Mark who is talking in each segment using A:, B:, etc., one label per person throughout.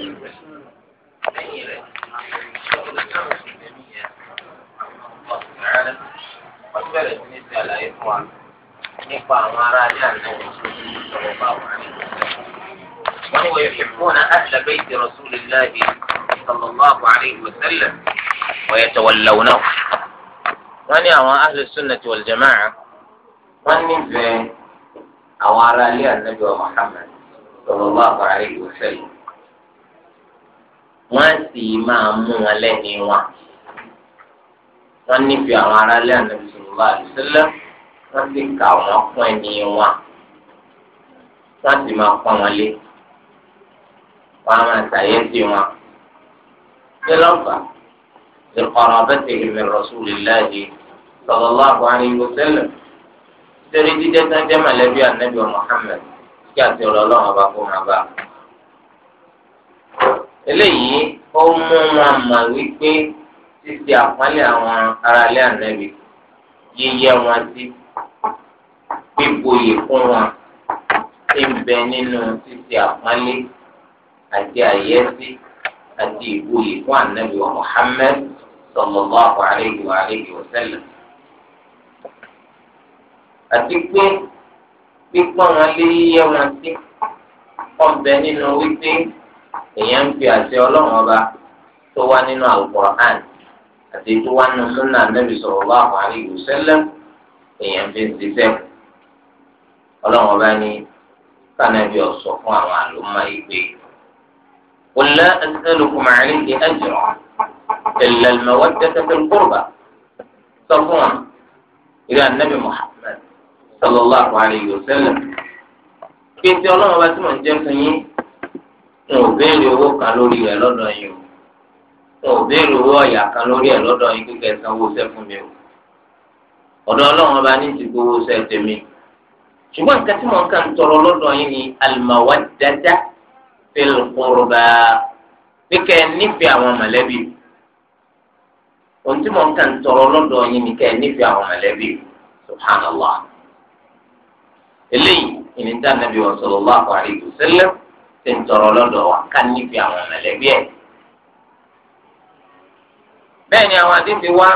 A: wọ́n bẹ̀rẹ̀ sí ní sí àlàyé fún wa nípa àwọn ará ajá náà sọ̀rọ̀ bá wà ní wọ́n wọ ìfìfún أهل بيت رسول الله صلى الله عليه وسلم ويتولونه wọ́n ní àwọn أهل السنة والجماعة wọ́n nífẹ̀ẹ́ àwọn ará ilé ànábì wa Muhammad صلى الله عليه وسلم. wọ́n á sì máa mú wọn lẹ́ni wọn. wọ́n nífẹ̀ẹ́ àwọn aráàlú ànábì sọ̀rọ̀ àdìsẹ́lẹ̀ wọ́n sì kà wọ́n fún ẹni wọn. wọ́n sì máa pọ́n wọn lé. wọ́n á máa ṣàyẹ̀sí wọn. ṣé lọ́fà lè kọ́ra ọ̀bẹ́tẹ̀ ìrìn rasulillahi sallallahu alaihi wasallam. torí jíjẹ́ sáńjẹ́ mọ̀lẹ́bí ànábì Muhammad kí àti ọ̀rọ̀ ọlọ́run ọba kó máa bá a eléyìí ó mú wọn mà wípé títí àpọ́nlé àwọn aráalé ànábì yíyẹ wọn sí gbígboyè fún wọn ti ń bẹ nínú títí àpọ́nlé àti àyẹ́sí àti ìgboyè fún ànábì wa Muhammad sallallahu alayhi wa alayhi wa sallam àti pé pípọ́n wọn lé yíyẹ wọn sí ọ̀bẹ nínú wípé èèyàn ń fi àṣẹ ọlọ́run ọba tó wá nínú alukur'an àti tó wá nínú sunna nabi sallallahu alaihi wasallam èèyàn fi ń ṣiṣẹ́ ọlọ́run ọba ní kánàbí ọ̀sọ̀ fún àwọn àlùmọ́ ìgbé. qul la as'alukum alayhi ajran illa al-mawaddata fil qurba sọ fún wọn ìrẹ́ anabi muhammad sallallahu alaihi wasallam. pé tí ọlọ́run ọba tí mò ń jẹ́ fún yín ẹ ò béèrè owó kan lórí rẹ̀ lọ́dọ̀ yìí o ẹ ò béèrè owó ọ̀yà kan lórí ẹ̀ lọ́dọ̀ yìí kíkẹ́ sanwó sẹ́ fún mi o ọ̀dọ̀ ọlọ́run ọba ní ti gbowó sẹ́ tèmi ṣùgbọ́n nǹkan tí wọ́n kàn tọrọ lọ́dọ̀ yìí ni al-mawaddata fil qurba pé kẹ́ ẹ àwọn mọ̀lẹ́bí ohun tí wọ́n kàn tọrọ lọ́dọ̀ yìí ni kẹ́ ẹ àwọn mọ̀lẹ́bí subhanallah eléyìí ìní nàbí wọn sallallahu alaihi wasallam ṣe ń tọrọ lọ́dọ̀ wa ká níbi àwọn mọ̀lẹ́bí ẹ̀. bẹ́ẹ̀ ni àwọn àdébí wa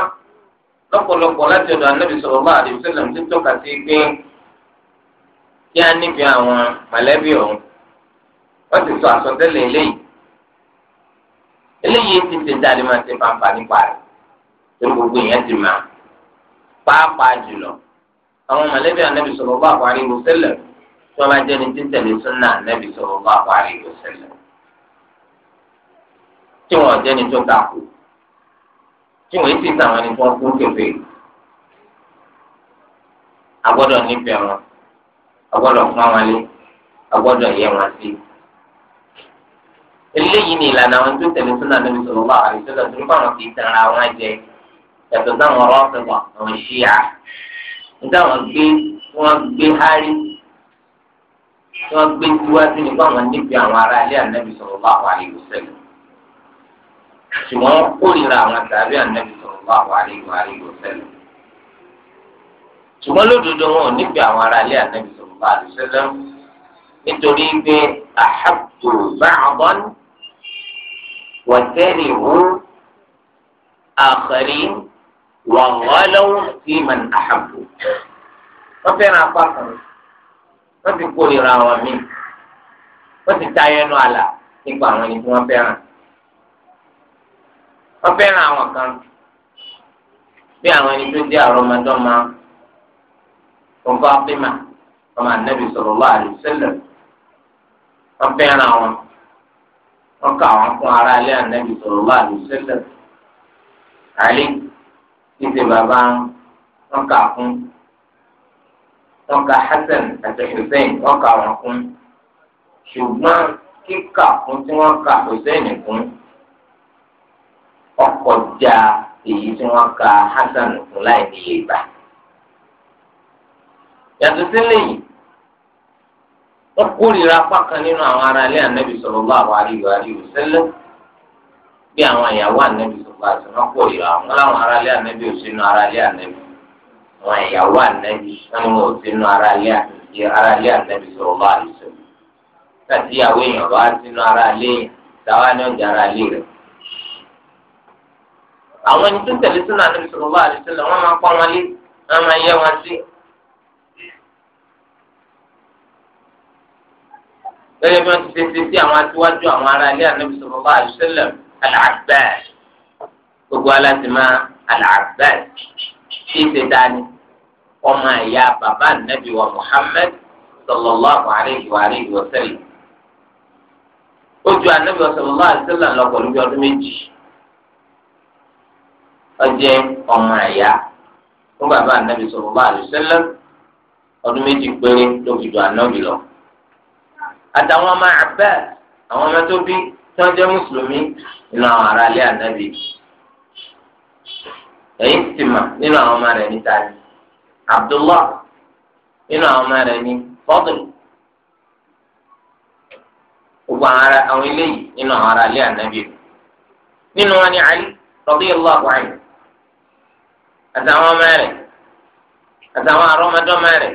A: lọ́pọ̀lọpọ̀ láti ọ̀dọ̀ anábì sallallahu alaihi wasallam ti tọ́ka sí pé kí á níbi àwọn mọ̀lẹ́bí ọ̀hún wọ́n ti sọ àsọtẹ́lẹ̀ eléyìí eléyìí ti ti dáadé máa ti fanfa nípa rẹ̀ tó gbogbo èèyàn ti máa pàápàá jùlọ àwọn mọ̀lẹ́bí anábì sallallahu alaihi wasallam tí wọn bá jẹ ní títẹ̀lé súnà nẹ́bí sọ̀rọ̀ bá wà rí ìwòsẹ̀lẹ̀ tí wọn jẹ́ ní tó takò tí wọn ti tàwọn ẹni tó ń kún kébé agbọ́dọ̀ nífẹ̀ẹ́ wọn agbọ́dọ̀ fún wọn lé agbọ́dọ̀ yẹ wọn sí eléyìí ni ìlànà àwọn tó tẹ̀lé súnà nẹ́bí sọ̀rọ̀ bá wà rí ìwòsẹ̀lẹ̀ tó ń bá wọn kì í wọn jẹ yàtọ̀ sáwọn ọlọ́ọ̀fẹ́ wọn ṣíà nígbà wọn gbé wọn gbé hárí tí wọ́n gbé tiwa sí ni báwọn níbi àwọn ará ilé ànábì sallallahu alaihi wasallam ṣùgbọ́n kórìíra àwọn tàbí ànábì sallallahu alaihi wasallam ṣùgbọ́n lódodo wọn ò níbi àwọn ará ilé ànábì sallallahu alaihi wasallam nítorí pé àhàbù báàbọ̀n wọ̀tẹ́rì hù àkàrí wọ̀ngọ́lọ́wọ́ sí màn àhàbù. wọ́n fẹ́ràn apá kan wọ́n ti kórìíra wọn mí wọ́n ti ta ẹnu àlà nípa àwọn ẹni tí wọ́n fẹ́ràn wọ́n fẹ́ràn àwọn kan bí àwọn ẹni tó jẹ́ àrọ́mọdọ́mọ ọkọ àpémà ọmọ ànábì sallallahu alaihi wasallam wọ́n fẹ́ràn wọn wọ́n kà wọ́n fún ara ilé ànábì sallallahu alaihi wasallam àlè títí bàbá wọn kà fún. wọn ka Hasan àti Hussein wọn kà wọn kún ṣùgbọ́n kíkà kún tí wọn ka Hussein kún já tí wọn ka Hasan kún láì níye gbà. yàtọ̀ sílẹ̀ yìí wọ́n kórìíra apá nínú àwọn ará ilé ànábì sallallahu alaihi wa alihi wasallam bí àwọn ìyàwó ànábì sọ̀rọ̀ àti kórìíra láwọn ará ilé ànábì àwọn ìyàwó ànábi wọn ni wọn ò sínú ara ilé àti ara ilé ànábi sọ̀rọ̀ bá àlùsọ láti ìyàwó èèyàn bá sínú ara ilé yẹn táwa ni ó ń jẹ ara ilé rẹ. àwọn ẹni tó ń tẹ̀lé sínú ànábi sọ̀rọ̀ bá àlùsọ lọ wọ́n máa pa wọn lé wọ́n máa yẹ wọn sí. lórí bí wọ́n ti ṣe sí àwọn aṣíwájú àwọn ará ilé ànábi sọ̀rọ̀ bá àlùsọ lọ àlàgbà gbogbo aláṣẹ máa àlàgbà kí ṣe dání ọmọ ẹ̀yà bàbá nàbì wa Muhammad sallallahu alayhi wa alayhi wa sallam ó ju anabi wa sallallahu alayhi wa sallam lọ pẹ̀lú bí ọdún méjì ó jẹ́ ọmọ ẹ̀yà fún bàbá anabi sallallahu alayhi wa sallam ọdún méjì péré ló fi do anabi lọ àtàwọn ọmọ Abbas àwọn ọmọ tó bí tí wọ́n jẹ́ mùsùlùmí nínú àwọn ará anabi ẹ̀yìn ti nínú àwọn ọmọ rẹ̀ níta ni. abdullah nínú àwọn ọmọ rẹ̀ ní fọdùl gbogbo àwọn eléyìí nínú àwọn ará ilé ànábì nínú wọn ni ali radiyallahu anhu àtàwọn ọmọ rẹ̀ àtàwọn àrọmọdọ́mọ rẹ̀.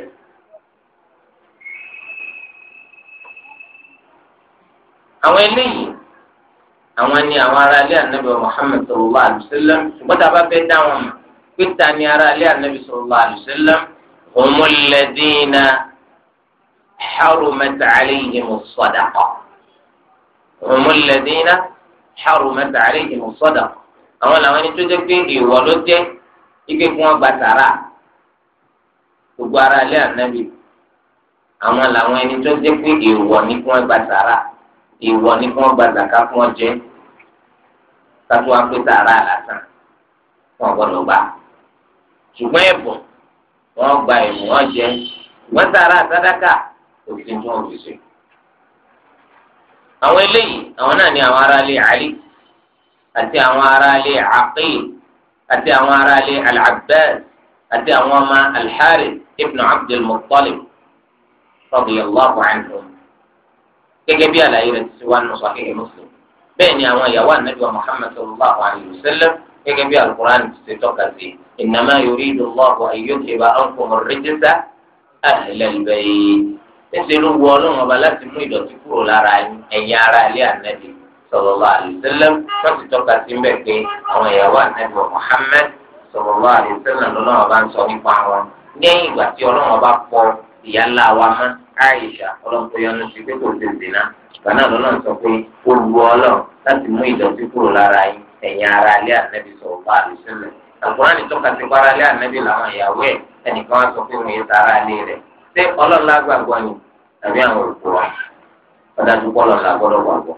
A: àwọn eléyìí àwọn ni àwọn ará ilé ànábì muhammed sallallahu alaihi wasallam ṣùgbọ́n tá a bá fẹ́ dá wọn mọ̀. pété ni ara alẹ́ anabi sallallahu alayhi wa sallam humul ladina harumat alayhimus sadaqa humul ladina harumat alayhimus sadaqa àwọn làwọn ẹni tó jẹ́ pé ìwọ ló jẹ́ ike kí wọ́n gba sàrà gbogbo ara alẹ́ ànábì àwọn làwọn ẹni tó jẹ́ pé ìwọ ni kí wọ́n gba ìwọ ni kí wọ́n gba zàká kí wọ́n kátó wá pé sàrà lásán wọ́n gbọ́dọ̀ gbà ṣùgbọ́n ẹ̀bùn wọ́n gba ẹ̀bùn wọn jẹ wọ́n tààrà àtàdákà òfin tí wọ́n fi ṣe. àwọn eléyìí àwọn náà ni àwọn aráalé Ali àti àwọn aráalé Aqil àti àwọn aráalé Al-Abbas àti àwọn ọmọ Al-Harith ibn Abdul Muttalib radiyallahu anhum gẹ́gẹ́ bí àlàyé rẹ̀ ti wá nù Sahih Muslim bẹ́ẹ̀ ni àwọn ìyàwó ànábì wa sallallahu alayhi wa sallam gẹ́gẹ́ bí alukur'an ti ṣe tọ́ka sí innama yuridu Allahu an yuthiba ankum ar-rijsa ahlal bayt ẹsẹ̀ ló wọ ọlọ́run ọba láti mú ìdọ̀tí kúrò lára ẹ̀yìn ara ilé ànábì sallallahu alaihi wasallam wọ́n tọ́ka sí mbẹ́ pé àwọn ìyàwó ànábì Muhammad sallallahu alaihi wasallam lọ́lọ́run ọba ń sọ nípa wọn lẹ́yìn ìgbà tí ọlọ́run ọba pọ̀ ìyá wa mọ́ Aisha ọlọ́run tó yọnu sí pé kò tètè náà gbaná lọ́lọ́run sọ pé ó ọlọ́run láti mú ìdọ̀tí kúrò lára yín ẹ̀yìn ara ilé ànábì sọ̀rọ̀ bá àbí sílẹ̀ àkùrán ní tọ́ka ti gbára ilé ànábì làwọn ìyàwó ẹ̀ ẹnìkan wá sọ pé òun yẹn tara ilé rẹ̀ ṣé ọlọ́ọ̀lá gbàgbọ́ ni àbí àwọn òkú wa ọ̀dájú kọ́lọ̀ọ̀lá gbọ́dọ̀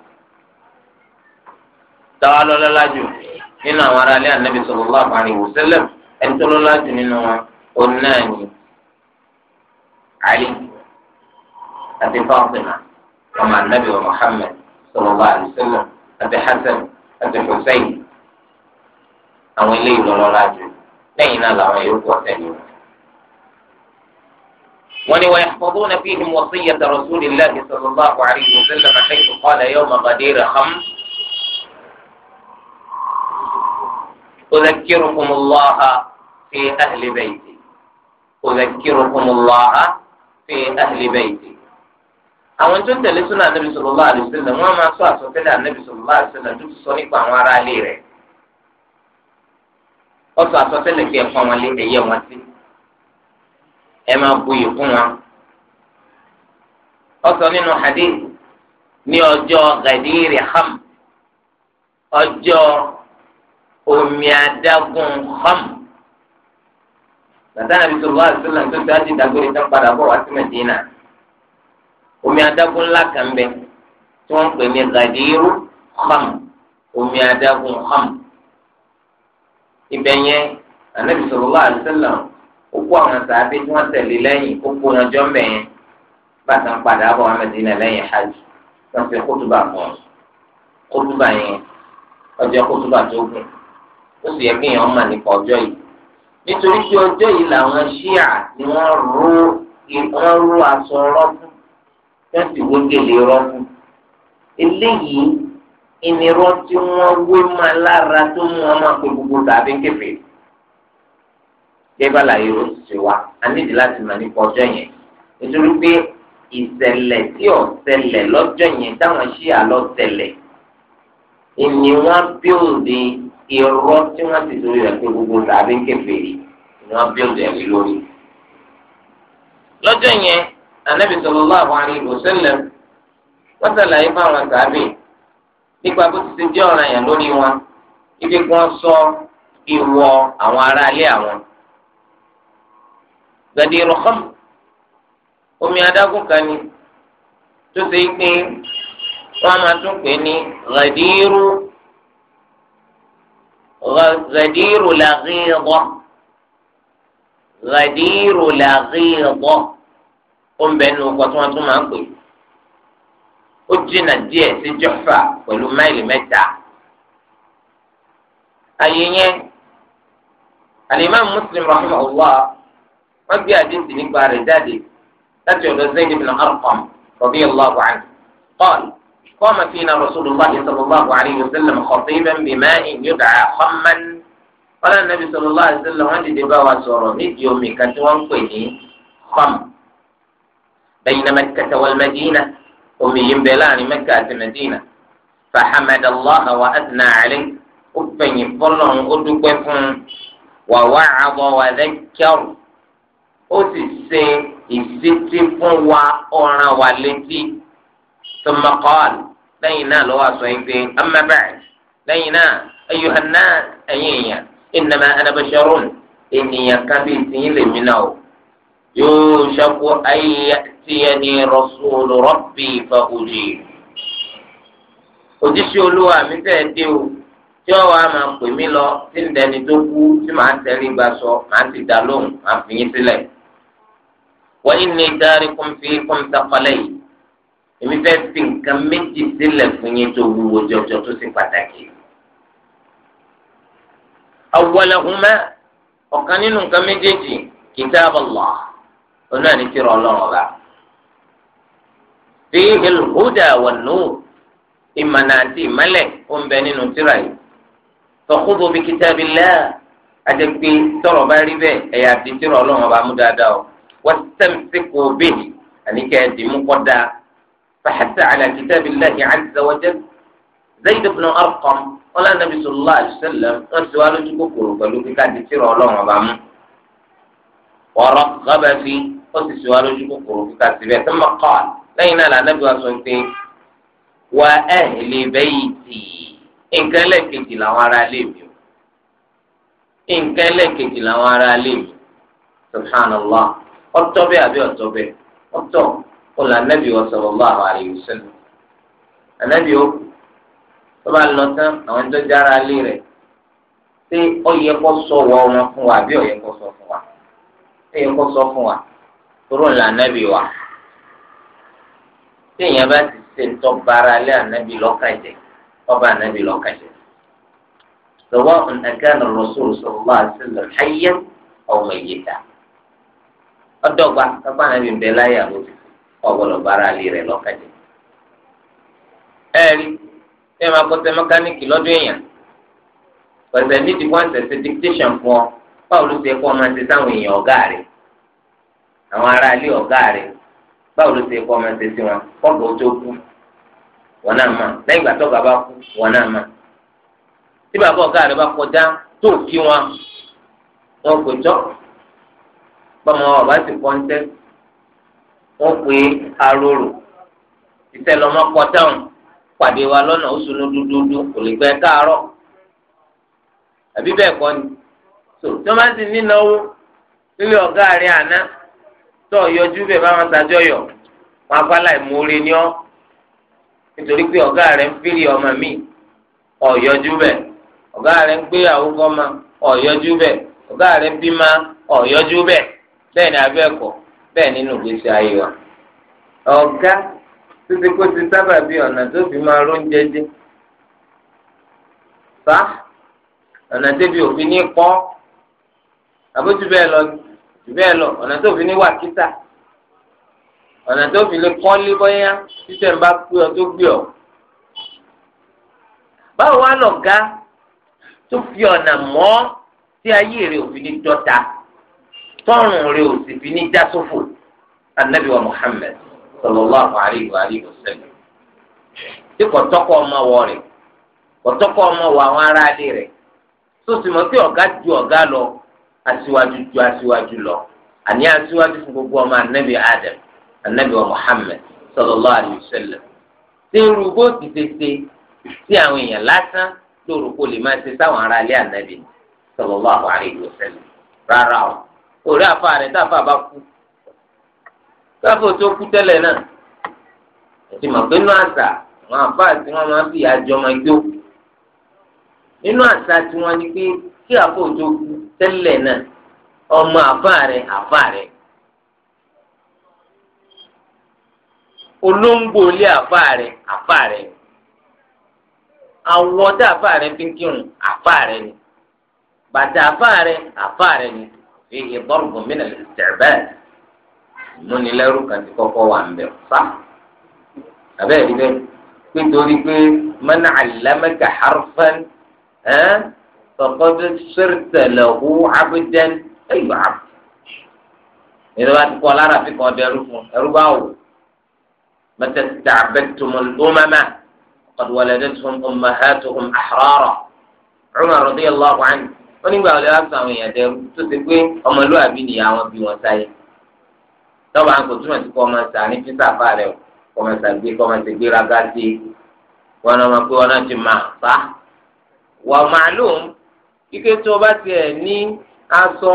A: dáwà nínú àwọn àti hussein àwọn eléyìí lọ́lọ́lá jù lẹ́yìn náà làwọn yòókù ọ̀tẹ̀ ni wọn. ولي ويحفظون فيهم وصية رسول الله صلى الله عليه وسلم حيث قال يوم غدير خمس أذكركم الله في أهل بيتي أذكركم الله في أهل بيتي àwọn tó ń tẹ̀lé súnà ànábì sallallahu alaihi wasallam wọ́n máa sọ àsọtẹ́lẹ̀ ànábì sallallahu alaihi wasallam tó ti sọ nípa àwọn ará ilé rẹ̀ ó sọ àsọtẹ́lẹ̀ kí ẹ pọ́n wọn lé ẹ̀yẹ wọn sí ẹ máa buyì fún wọn ó sọ nínú hadith ní ọjọ́ gàdírì ham ọjọ́ omi adágún ham bàtà ànábì sallallahu tó ti á ti dàgbére tán padà bọ̀ wá sí Mẹdínà omi adágún ńlá kan bẹ tí wọ́n ń pè ní gàdírú kham omi adágún kham ibẹ̀ yẹn anabi sallallahu alaihi wasallam ó kó àwọn sàábé tí wọ́n tẹ̀lé lẹ́yìn ó kó wọn jọ mẹyìn bàtà ń padà bọ̀ wọn Mẹdínà lẹ́yìn hajj wọ́n fi kótóbà fún kótóbà yẹn ọjọ́ kótóbà tó gùn ó sì yẹ kéèyàn mà nípa ọjọ́ yìí nítorí pé ọjọ́ yìí làwọn ṣíà ni wọ́n ró aṣọ ọlọ́fún wọ́n sì wé gèlè rọ́ọ̀kù eléyìí ìnirọ́ tí wọ́n wé ma lára tó mú wọn máa pe gbogbo tàbí kéfè gẹ́gẹ́ bàlàyé ó sì ṣe wá a nídìí láti mà nípa ọjọ́ yẹn nítorí pé ìṣẹ̀lẹ̀ tí ò ṣẹlẹ̀ lọ́jọ́ yẹn táwọn ṣí àlọ́ ṣẹlẹ̀ ìní wọn bíòde irọ́ tí wọ́n ti torí rẹ̀ gbogbo tàbí kéfè ni wọ́n bíòde ẹ̀rí lórí lọ́jọ́ yẹn anabi sallallahu alayhi wa sallam wọn sàlàyé fáwọn sàbẹ nípa bó ti ṣe jẹ ọ̀ràn yẹn lórí wọn ibi kí wọn sọ ìwọ àwọn ará ilé àwọn. gàdìrò kọ́m omi adágún kan ni tó ṣe pé wọn máa tún pè ní gàdìrò gàdìrò làgìrò gàdìrò làgìrò ó ń bẹ nínú ọkọ tí wọ́n tún máa ń pè ó jìnnà díẹ̀ sí jọ́fà pẹ̀lú máìlì mẹ́ta àyè yẹn alimami muslim rahimahullah wọ́n gbé àdéhùn nípa rẹ̀ jáde láti ọ̀dọ̀ zayd ibn arqam radiyallahu anhu qala قام فينا رسول الله صلى الله عليه وسلم خطيبا بماء يدعى خما قال النبي صلى الله عليه وسلم wọ́n dìde bá wa sọ̀rọ̀ nídìí بين مكة والمدينة أمي بلان مكة المدينة فحمد الله وأثنى عليه أبني فلان أدوكفون ووعظ وذكر أسسي إستفون وأنا والتي ثم قال لينا لو أصيبين أما بعد لينا أيها الناس أيها إنما أنا بشر إني كبيتي لمنه يوشك أن يأتيني رسول ربي فأجيب ojúṣe olúwa mi fẹ́ dé o tí ọwọ́ a máa pè mí lọ tí ń dẹni tó kú tí màá tẹ̀lé gba sọ màá ti dá lóhùn màá fi yín sílẹ̀ wọ́n yín ní dárí kún fi kún sakọlẹ̀ yìí èmi fẹ́ fi nǹkan méjì sílẹ̀ fún yín tó wúwo jọjọ tó sì pàtàkì. awwalahuma ọ̀kan nínú nǹkan méjèèjì kitab Allah oní àní tí rọ Ọlọ́run ọba fi ìlúdà wọnú ìmọ̀nà àti ìmọ̀lẹ̀ ó ń bẹ nínú tírà yìí tọkúbọ bí kitabillah àdẹ́gbé tọrọ bá rí bẹ́ẹ̀ ẹ̀yà àti tírà Ọlọ́run ọba mú dáadáa o wọ́n tẹ̀sí kò bẹ́ẹ̀ àníkẹ́ ẹ̀dínmú kọ́ dáa fàḥẹ́sẹ̀ àlẹ́ kitabillah azza wa jalla zayd ibn arqam wọn lànà sọlá àṣẹlẹ ó sì sọ alójú kòkòrò kíkà síbẹ̀ tó mọ̀ kọ́ lẹ́yìn náà lànàbí wa sọ pé wà ẹ̀ lè bẹ́yìí tì í nǹkan ẹlẹ́ẹ̀kejì làwọn ará ilé mi o nǹkan ẹlẹ́ẹ̀kejì làwọn ará ilé mi subhanallah ọtọ́ bẹ́ẹ̀ àbí ọtọ́ bẹ́ẹ̀ ọtọ́ ó là nàbí wa sallallahu alaihi wasallam ànàbí ó tó bá lọ tán àwọn tó jára ilé rẹ̀ ṣé ó yẹ kó sọ wọ wọn fún wa àbí ó yẹ kó sọ fún wa ó yẹ kó sọ fún wa tóró ńlá ànábì wa téèyàn bá ti ṣe ń tọ́ bara lé ànábì lọ́kàjẹ́ ọba ànábì lọ́kàjẹ́ sọwọ́ nǹkan rasul sallallahu alaihi wasallam hayyan aw mayyita ọdọgba kápá ànábì ń bẹ láyé àbójú ọgbọdọ bara lé rẹ lọ́kàjẹ́ ẹ̀rí tẹ́ máa kọ́ sẹ́ mẹkáníìkì lọ́dún èèyàn pẹ̀sẹ̀ nídìí wọ́n ṣẹ̀ṣẹ̀ dictation fún ọ báwo ló ṣe ọ máa ṣe sáwọn èèyàn ọ̀gá rẹ̀ àwọn ará ilé ọ̀gá rẹ̀ báwo ló ṣe kọ́ ọmọ ẹsẹ̀ sí wọn kọ́gbọ̀ tó kú wọn náà mà lẹ́yìn ìgbà tọ́gà bá kú wọn náà mà tí bàbá ọ̀gá rẹ̀ bá kọjá tó kí wọn wọn kò jọ́ bọ́mọ ọba ti kọ́ ń tẹ́ pè é arorò ìtẹ̀lọ́mọ́kọ táwọn pàdé wa lọ́nà oṣù ní dúdúdú kò lè gbẹ káàárọ̀ àbí bẹ́ẹ̀ kọ́ ni tó tó máa ń ti nínáwó nílé ọ̀gá rẹ̀ àná tó yọjú bẹ́ẹ̀ bá wọn ṣàjọyọ̀ wọn afálà ìmoore ni ọ nítorí pé ọ̀gá rẹ̀ ń fìrì ọmọ mi ọ̀yọjú bẹ́ẹ̀ ọ̀gá rẹ̀ ń gbéyàwó gọ́mà ọ̀yọjú bẹ́ẹ̀ ọ̀gá rẹ̀ ń bímá ọ̀yọjú bẹ́ẹ̀ bẹ́ẹ̀ ni abẹ́ ẹ̀kọ́ bẹ́ẹ̀ nínú ìgbésí ayé wa. ọ̀gá títí kó ti sábà bí ọ̀nà tó fi máa ró ń jẹ́jẹ́ fa ọ̀nà débi òfin ní kọ́ àbójú bẹ́ẹ̀ lọ bẹ́ẹ̀ lọ ọ̀nà tó fi ní wà kíta ọ̀nà tó fi lè kọ́lé bọ́yá títẹ̀ ń bá pé ọ tó gbé ọ. báwo wá lọ̀gá tó fi ọ̀nà mọ́ tí ayé rẹ̀ ò fi ní dọ́ta tọ́rùn rẹ̀ ò sì fi ní já wa tí kò tọ́kọ̀ ọmọ wọ rẹ̀ kò tọ́kọ̀ ọmọ wọ àwọn aráalé rẹ̀ tó sì lọ. aṣíwájú ju aṣíwájú lọ àní aṣíwájú fún gbogbo ọmọ anabi adam anabi wa muhammed sallallahu alayhi wa sallam ṣé irú bó ti ṣe ṣe sí àwọn èèyàn lásán lóru kó lè máa ṣe sáwọn ará ilé anabi sallallahu alayhi wa sallam rárá o òrí àfa rẹ táfa bá kú táfò tó kú tẹ́lẹ̀ náà ẹ̀sìn mọ̀ pé nínú àṣà àwọn àfa àti wọn máa fi àjọ máa jó nínú àṣà tiwọn ni pé kí àkójọ tẹ́lẹ̀ náà ọmọ àfáàrẹ àfáàrẹ olóńgbò ilé àfáàrẹ àfáàrẹ àwọ̀ tá àfáàrẹ fi ń kírun àfáàrẹ ni bàtà àfáàrẹ àfáàrẹ ni fi ìbọ̀rùn mìíràn tẹ̀bẹ́ múnilẹ́rú kan ti kọ́kọ́ wà ń bẹ̀ fà àbẹ́ẹ̀ rí bẹ́ẹ̀ nítorí pé mọ́nà àlámẹ́kà harfan ẹ́n fọkọdé sẹrẹtẹlẹ hu abidjan ẹyọ abu ìdí wa ti kọ lára fi kàn dẹrú fún ẹrú bá wò mẹtẹ dàbẹ tùmù lùmẹmẹ kọdù wọlé dé tùmù ọmọ hẹ tùmù àhọrọ ọmọ rọdí yẹn lọ wà ní onígbà wọlé wa sọ àwọn èèyàn dẹrú tó ti pé ọmọlúwàbí nìyà wọn bí wọn sáyé tọ́ba ń kò túmọ̀ sí kọ́ ọmọ ẹ̀sà ní fífà fà rẹ̀ kọ́ ọmọ ẹ̀sà gbé kọ́ ọmọ ẹ̀sà gbé ragá sí wọn ọmọ pé wọn náà ti máa fa wà màálùm kíkẹ́ tí wọ́n bá tiẹ̀ ní aṣọ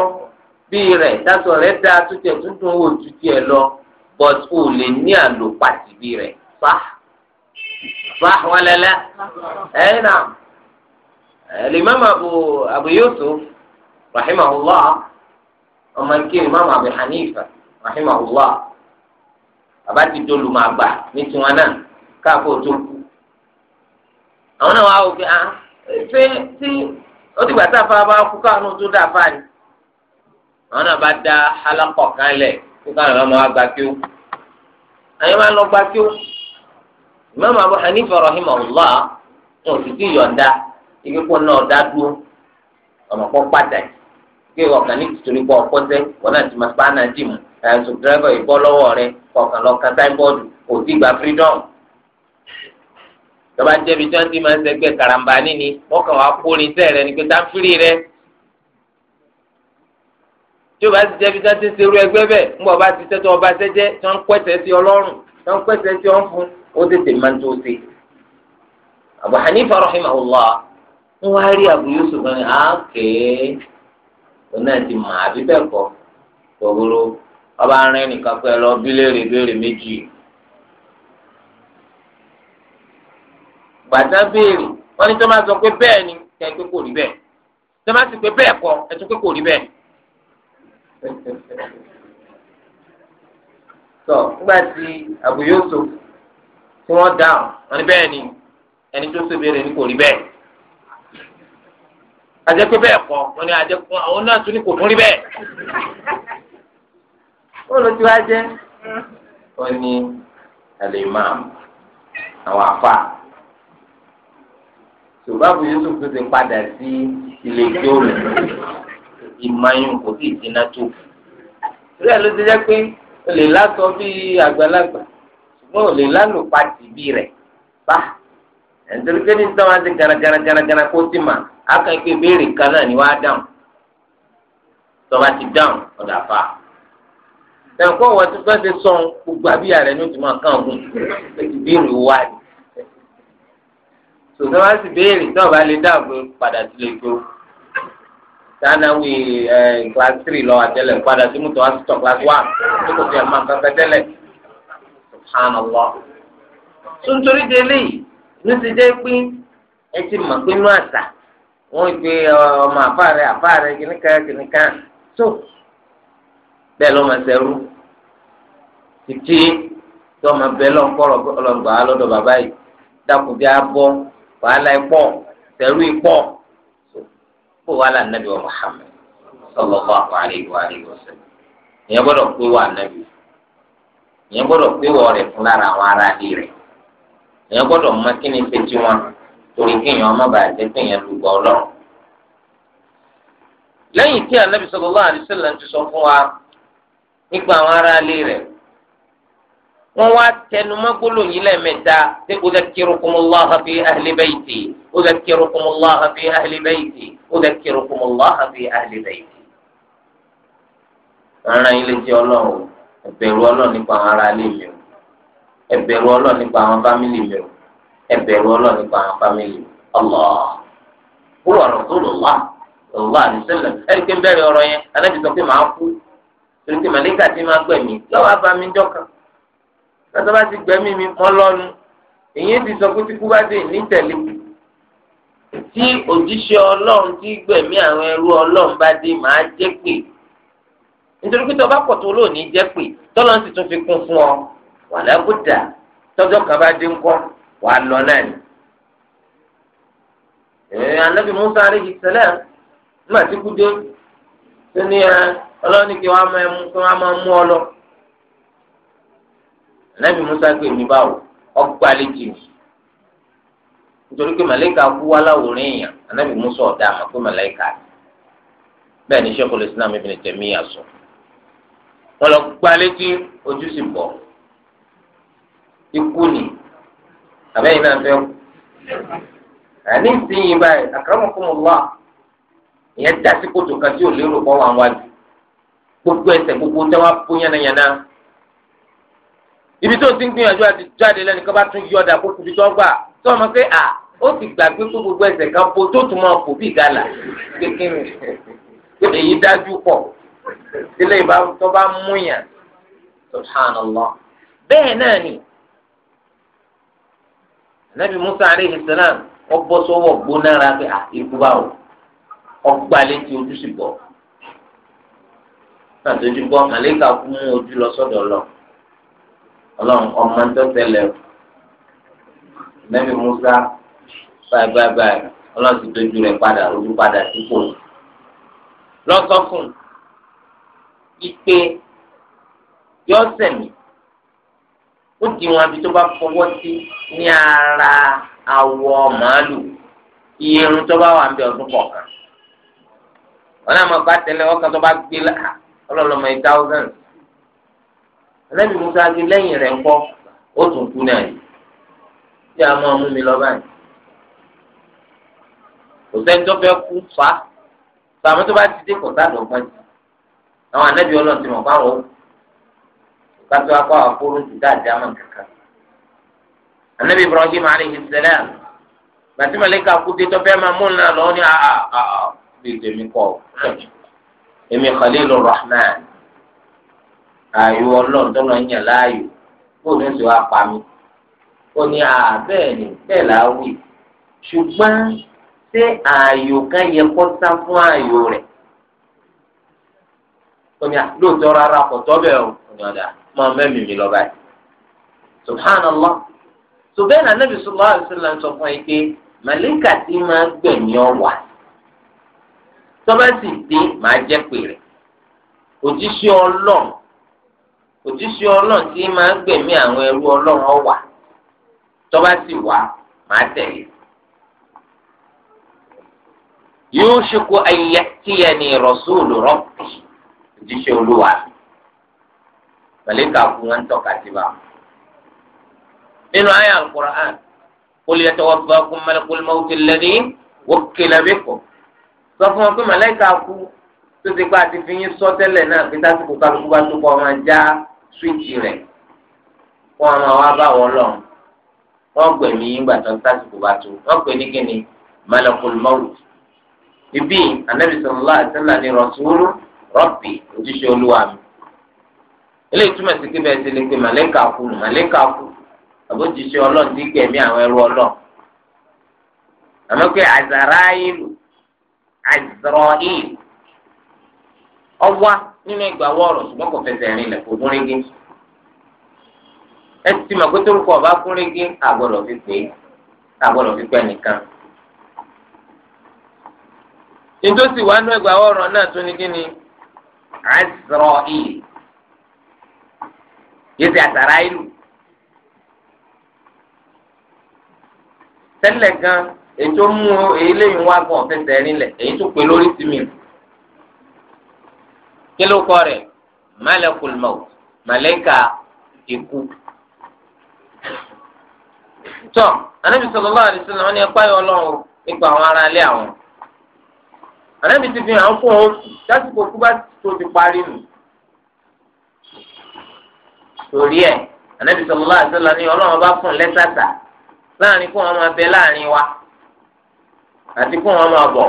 A: bíi rẹ̀ dáṣọ rẹ̀ dá tútẹ̀ tuntun wò ju tiẹ̀ lọ but o lè ní àlòpàtì bíi rẹ̀ fa fa wọn ẹ̀yìn náà ọmọ nkiri Imam Abu Hanifa rahimahullah bàbá ti dolu máa gbà ní tiwọn náà káàkó tó kú àwọn ó ti gbà tá a fa bá kú káwọn tó dà fa ni àwọn náà bá da alákọ kan lẹ kó káwọn náà máa gba kí ó àyè máa lọ kí ó ìmáàmù Abu Hanifa rahimahullah wọn ò sì ti yọ̀ǹda ike kó náà dá dúró ọmọ kó pàtàkì kí ọkàn ní tìtorí kó ọkọ sẹ wọn náà ti máa pa náà dì mú ẹsùn dírẹ́fà ìbọ́ lọ́wọ́ rẹ kọkàn lọ tọ́ba ń jẹ́bi tí wọ́n ti máa ń sẹ́gbẹ́ karamba níní wọ́n kàn wá rẹ ní pé táfírì rẹ. tí o bá ti mgbe tí ti ń ọba tí ń sí tí ń sí fún ó tètè máa ń tó ṣe. Hanifa Yusuf ní àáké òun náà ti mọ̀ àbí bẹ́ẹ̀ kọ́ gbogbo ọba nìkan gbàdá béèrè wọn ní tó máa sọ pé bẹ́ẹ̀ ni kẹ́ ẹ pé kò rí bẹ́ẹ̀ tó máa sì pé bẹ́ẹ̀ kọ́ ẹ tún pé kò rí bẹ́ẹ̀. tọ́ nígbà tí Abu Yusuf tí wọ́n dáhùn wọn ní bẹ́ẹ̀ ni ẹni tó ṣèbéèrè ni kò rí bẹ́ẹ̀ àjẹ́ pé bẹ́ẹ̀ kọ́ wọn ni àjẹ́ kọ́ àwọn náà tún ní kò tún rí bẹ́ẹ̀. wọ́n lọ ti wá jẹ́ mm. wọ́n ní alimam àwọn afa yorùbá bu yusuf tó ti padà sí ilé ijó rẹ̀ ìmáyún kò sí ìdínà tó rí ẹ ló ti jẹ́ pé o lè lásọ bí àgbàlagbà ṣùgbọ́n o lè lálùpá tìbí rẹ̀ bá ẹ̀ńtẹ́rì kí ni táwọn á ti garagaragaragara kó ti mà á kàn pé béèrè kan náà ni wàá dáhùn tọ́ba ti dáhùn ọ̀dà fà á wọ́n ti fẹ́ ṣe sọ gbogbo àbíyá rẹ̀ ní o ti máa kàn gùn ìbéèrè wá ni sọ̀tọ́ bá sì béèrè tó o bá lè dáàbò padà sí lè tó sanawi ẹ class three lọ àtẹlẹ padà sí mú tó wá sí tọ class one tó kò fi ẹ̀ máa kankan tẹ́lẹ̀ subhanallah suntori délé ní ti jẹ́ pé ẹ ti mọ̀ pé inú àṣà wọ́n gbé ọmọ àfáàrẹ àfáàrẹ kìnnìkan kìnnìkan tó bẹ́ẹ̀ lọ́mọ sẹ́rú títí tọ́mọ bẹ́ẹ̀ lọ́nkọ́ lọ́gbàá lọ́dọ̀ bàbá yìí dákun bí wàhálà ìpọ̀ tẹ̀rù ìpọ̀ kó wàhálà nàbì wa Muhammad sallallahu alaihi wa ìyẹn pé wà nàbì ìyẹn gbọ́dọ̀ pé wọ rẹ fún lára àwọn ará ilé rẹ ìyẹn gbọ́dọ̀ mọ kí ni fetí wọn torí kéèyàn ọmọ bàa jẹ lùgbọ lẹ́yìn tí ti sọ fún wa nípa àwọn ará wọn wá tẹnumọ́ gbólóhùn yìí lẹ́ẹ̀mẹ́ta pé udhakkirukumullah fi ahli bayti udhakkirukumullah fi ahli bayti udhakkirukumullah fi ahli bayti. ara yín lè jẹ Ọlọ́run ẹbẹ̀rù Ọlọ́run nípa àwọn ará ilé mi o ẹbẹ̀rù Ọlọ́run nípa àwọn fámìlì mi o ẹbẹ̀rù Ọlọ́run nípa àwọn fámìlì mi Allah kúrò ọ̀rọ̀ tó lò wá lọ́wọ́ àdìsẹ́lẹ̀ ẹ̀rí pé ń bẹ̀rẹ̀ ọ̀rọ̀ yẹn anábìsọ pé màá kú torí pé màlíkà ti máa gbẹ̀mí lọ́wọ́ abamidọ́kan tọ́tọ́ bá ti gbẹ̀mí mi mọ́ lọ́nu èyí ti sọ pé tíkú bá dé ní tẹ̀lé tí òjíṣẹ́ ọlọ́run tí gbẹ̀mí àwọn ẹrú ọlọ́run bá dé máa jẹ́ pé nítorí pé tọ́ba pọ̀ tó lóòní jẹ́ pé tọ́lọ́run sì tún fi kún fún ọ wà lábùdà tọ́jọ́ kan bá dé ńkọ́ wà á lọ náà ni.
B: ẹ̀ẹ́n
A: Musa alayhi salam nígbà tí kú dé tó ní ọlọ́run ní kí wọ́n á máa mú ọ lọ ànábì musa pé mi báwo ọgbà létí mi nítorí pé màlẹ́kà kú wá láwòrán èèyàn ànábì musa ọ̀dà àmọ́ pé màlẹ́kà bẹ́ẹ̀ ni sẹ́kọ̀ọ́ islam ibn Taymiyyah sọ wọn lọ gbà létí ojú sì bọ̀
B: ikú ni àbẹ́yìn náà
A: fẹ́ kú àní ìsinyìí báyìí akramakumullah ìyẹn dá sí kòtò kan tí ò lérò pọ̀ wá wájú gbogbo ẹsẹ̀ gbogbo tẹ́wọ́ á pọ̀ yánnayànna ibi tó ti ń gbìyànjú àti jáde lẹ́nu kí wọ́n bá tún yọ ọ̀dà kó kubi tó gbà tó ọmọ pé à ó ti gbàgbé pé gbogbo ẹsẹ̀ kan po tó tún máa fò bí gàlà kékeré èyí dájú pọ̀ sílẹ̀ ìbá tó bá mú yàn subhanallah bẹ́ẹ̀ náà ni anabi musa aleyhi salam ọbọ sọwọ gbónára pé à ikú báwo ọgbà létí ojú sì bọ náà tó ju bọ màlẹ́kà kú mú ojú lọ sọ́dọ̀ lọ ọlọ́run ọmọ tó tẹ̀lé o nẹ́bí musa báyìí báyìí báyìí ọlọ́run ti dojú rẹ̀ padà ojú padà sípò lọ́sọ̀kùn ìpè yọ sẹ̀mí ó di wọn àbí tó bá fọwọ́ sí ní ara awọ màálù iye irun tó bá wà ń bẹ ọdún kọ̀ọ̀kan wọn náà mọ̀ bá tẹ̀lé ọkàn tó bá gbé ọlọ́lọ́mọ eight thousand ànábì musa ti lẹ́yìn rẹ̀ ńkọ́ ó tún kú náà yìí tí a máa mú mi lọ báyìí kò sẹ́ni tó fẹ́ kú fa sàmú tó bá ti dé kò sáà dọ̀gbọ́n jù àwọn ànábì ọlọ́run ti mọ̀ fáwọn òkú kátó akọ àkóró ti dáadáa mọ̀ kankan ànábì ibrahim alayhi salam bàtí màlẹ́kà kú dé tó fẹ́ máa mú náà lọ́wọ́ ní àà àà bí èmi kọ́ èmi khalilur rahman ààyò ọlọ́run tó lọ́n yàn láàyò kó ní oṣù apá ó ní àbẹ́ẹ̀ ni bẹ́ẹ̀ là á ṣùgbọ́n ṣé ààyò kan yẹ kó sá fún ààyò rẹ̀ ó ní lóòótọ́ rárá kò tọ́ ọ̀nàdà máa mẹ́mìí mi lọ́ba yìí subhanallah ṣùgbọ́n náà nàbì sallallahu alaihi wasallam sọ fún yìí pé màlíkà tí máa gbẹ̀mí ọ̀wà tọ́ba sì dé màá jẹ́ pèrè òjíṣẹ́ ọlọ́run òjíṣẹ́ ọlọ́run tí máa ń gbẹ̀mí àwọn ẹrú ọlọ́run ọ̀wà tọ́ba sì wá máa tẹ̀lé. yóò ṣekú ayé tí yẹn ní rọ̀ṣúùlù rọ́pì òjíṣẹ́ olúwa màlíkà fún wọn tọ́ka sí wa. nínú àyà al-Qur'an qul yatawaffakum malakul mawti alladhi wukkila bikum sọ fún wọn pé màlíkà kú tó ti pa àti fi yín sọ tẹ́lẹ̀ náà fi tásìkò kálukú bá tó kọ́ ọ swíìtì rẹ. wọ́n máa wá bá wọn lọ wọ́n gbẹ̀mí ìgbà tó ń tásìkò bá tó wọ́n pè ní malakul maut ibi anabi sallallahu alaihi ni rasulu rabbi ojúṣe olúwa mi eléyìí túmọ̀ sí pé bẹ́ẹ̀ ti lè pe màlẹ́kà kú màlẹ́kà kú àbójúṣe ọlọ́run ti gbẹ̀mí àwọn ẹrú ọlọ́run àmọ́ pé àzàrà àzọ̀rọ̀ ọwá nínú ìgbà wọ́ọ̀rọ̀ ṣùgbọ́n kò fẹsẹ̀ rìn lẹ̀ kó gún régé ẹ ti mọ̀ pé torúkọ ọba gún régé àgbọ̀dọ̀ fi pè é àgbọ̀dọ̀ fi pẹ́ nìkan. nítòsí wa nú ìgbà wọ́ọ̀rọ̀ náà tún ní kíni àìsàn ìyè yìí ti àtàrà ìlú. tẹ́lẹ̀ gan èyí tó mú eléyìí wá gan fẹsẹ̀ rìn lẹ̀ èyí tó pè lórí tìmí rẹ̀ kí ló kọ rẹ̀ malakul maut màlẹ́kà ikú. tọ́ anábì sallallahu alaihi wasallam ní ẹ̀pá yọ ọlọ́run nípa àwọn ará ilé àwọn. anábì ti fi hàn fún òun lásìkò kú bá tó ti parí nù. torí ẹ̀ anábì sallallahu alaihi wasallam ní ọlọ́run bá fún lẹ́sàtà láàrin kó wọn máa bẹ láàrin wa àti kó wọn máa bọ̀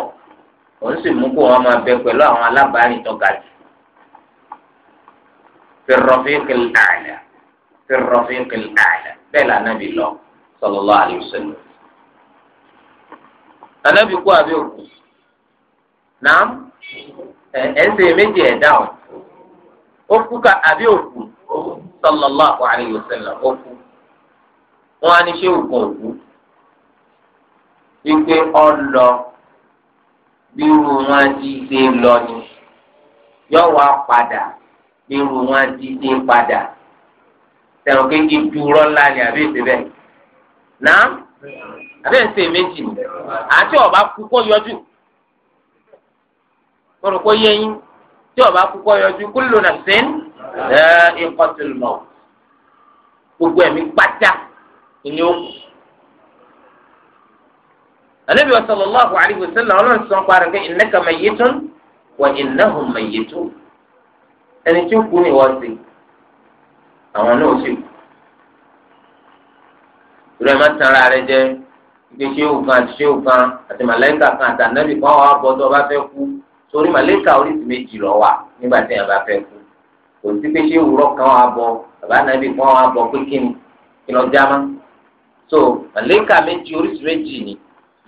A: òun sì mú kó wọn máa bẹ pẹ̀lú àwọn alábàárìn tó ga jù. في الرفيق الأعلى في الرفيق الأعلى بلا نبي الله صلى الله عليه وسلم النبي كو أبيو نعم أنت مجي داون أفكك أبيو صلى الله عليه وسلم أفكك وأنا شيء أفكك wípé ọlọ bírú wọn ti ṣe lọ ni yọ wá padà irú wọn dídé padà tẹ̀wọ̀n kéèké ju rọ́lá ni àbí èsè bẹ́ẹ̀ náà àbí èsè méjì ni àti ọba kú kó yọjú kọ́nù kó yẹ yín tí ọba kú kó yọjú kullu nafsin dha'iqatul maut gbogbo ẹ̀mí pátá ìní ó kù. Ànábì sallallahu alaihi wasallam ọlọ́run sọ̀rọ̀ parí pé innaka mayyitun wa innahum mayyitun ẹni tí ó kú ni wọ́n ti àwọn náà sì kú ìrọ̀ ẹ̀ má tan ara rẹ jẹ ibi tí ó kan àti tí ó kan àti màlẹ́kà kan àti ànábì kan wà bọ́ tó o bá fẹ́ kú torí màlẹ́kà oríṣi méjì lọ wà nígbà tí èèyàn bá fẹ́ kú kò sí pé ṣé òwúrọ̀ kan wà bọ́ bàbá ànábì kan wà bọ́ pé kíni kí lọ já má so màlẹ́kà méjì oríṣi méjì ni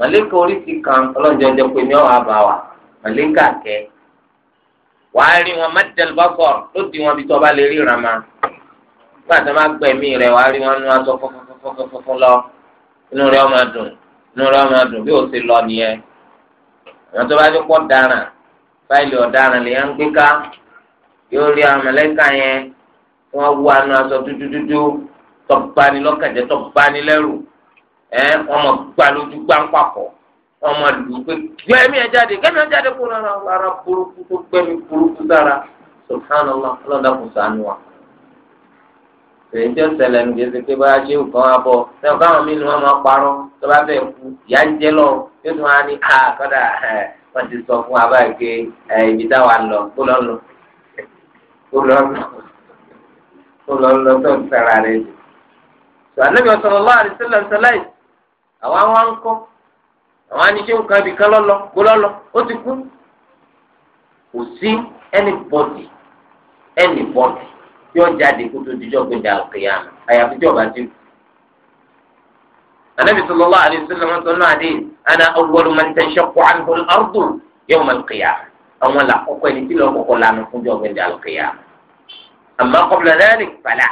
A: màlẹ́kà oríṣi kan ọlọ́njọ́ jẹ́ pé mi ọ̀ wà bá wà màlẹ́kà kẹ́ẹ́ wàá rí wọn mẹtẹlẹ bọkọ ló di wọn bí tó bá lè rí ìrànmá nígbà tó má gbẹmí rẹ wàá rí wọn nú aṣọ fúnfúnfúnfún lọ inú rẹ ọmọ dùn inú rẹ ọmọ dùn bí ó ti lọ nìyẹn àwọn tó bá ti pọ̀ dáràn fáìlì ọ̀daràn lè ń gbé ká yóò rí àmọ̀lẹ́kà yẹn wọ́n wú anú aṣọ dúdúdúdú tọ́gbani lọ́kànjẹ́ tọ́gbani lẹ́rù ẹ̀ wọ́n mọ̀ gbà lójú gbáǹpà ọmọ lù ú pé gbẹ́mí ẹ jáde gbẹ́mí ẹ jáde kó rárá rárá burúkú tó gbẹ́mí burúkú sára subhanallah ọlọ́dà kò sànù wa. èyí tó ṣẹlẹ̀ ní gbèsè pé báyà ṣé nǹkan wá bọ̀ ṣé báwọn mí ni wọ́n máa parọ́ tó bá bẹ̀ kú ìyá ń jẹ́ lọ tún wá ní àkọ́dà ibi táwa lọ kó lọ kó lọ tó àwọn aníṣẹ́ nǹkan ibì kan lọ́lọ́ kó lọ́lọ́ ó ti kú kò sí anybody anybody tí ó jáde kó tó dijọ́ pé dà kéèyàn àyàfi tí ọba ti kú. النبي صلى الله عليه وسلم قال حديث أنا أول من تنشق عنه الأرض يوم القيامة أو لا أقول لك لو أقول أنا كنت يوم القيامة أما قبل ذلك فلا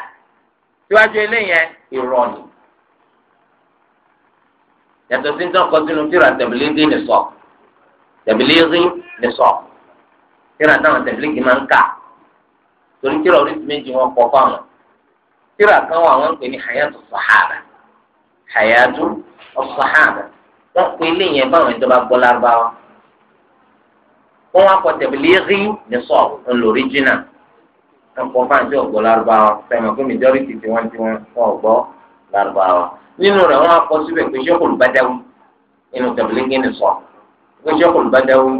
A: تواجه لي يروني yàtọ̀ sí nítorí kan sínú tíra tẹ̀bílígì ní sọ tẹ̀bílígì ní sọ tíra táwọn tẹ̀bílígì máa ń kà torí tíra oríṣi méjì wọn kọ fáwọn tíra kan wà wọn ń pè ní hayatu sahaba hayatu sahaba wọn pè léyìn ẹ báwọn ìjọba gbọ́ lárúbáwá wọn wá kọ tẹ̀bílígì ní sọ ńlọrìjìnà wọn kọ fáwọn tí gbọ́ lárúbáwá sẹ́mi ọ̀gbọ́n majority tí wọ́n ti wọn ò gbọ́ lárúbáwá nínú rẹ̀ wọ́n akọ síbẹ̀ pé sẹ́kùlù bàdáwì
B: nínú tẹ̀bílẹ́gì
A: ni sọ pé sẹ́kùlù bàdáwì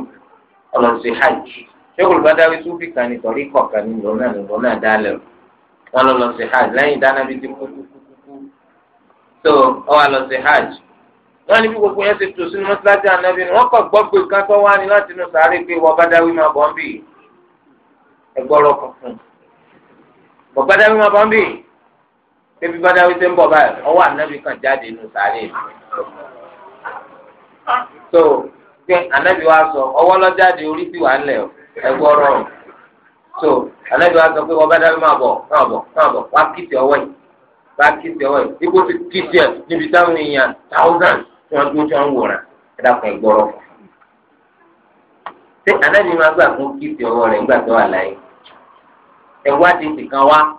A: ọlọ́sẹ̀ hajj sẹ́kùlù bàdáwì súnfì kan ní tọ́rí kọ̀ọ̀kan ní lọ́nà ní lọ́nà dálẹ̀ wọn lọ lọ́sẹ̀ hajj lẹ́yìn dáná bíi ti kúkúkú tó ọwọ́ lọ́sẹ̀ hajj wọn ní gbogbo yẹn ti tò sínú mọ́sálásí ànábì ni wọ́n kọ̀ gbọ́ pé kan tó wá ní láti inú sàárè pé wọ́n bàdáwì máa bọ́ ń bì ẹgbọ́rọ̀ kankan bọ̀ bàdáwì máa bọ́ ń bì ebi bá dáwé ṣe ń báyìí kan jáde nù sáré so pé anabi wa sọ ọwọ́ lọ́jáde orí sì wà so anabi wa sọ pé ọba dáwé máa bọ máa bọ, máa bọ̀ wá kìtì ọwọ́ yìí wá kìtì ọwọ́ yìí ipò ti kìtì ẹ̀ níbi táwọn èèyàn thousand tí wọ́n dúró tí wọ́n ń wòran ẹ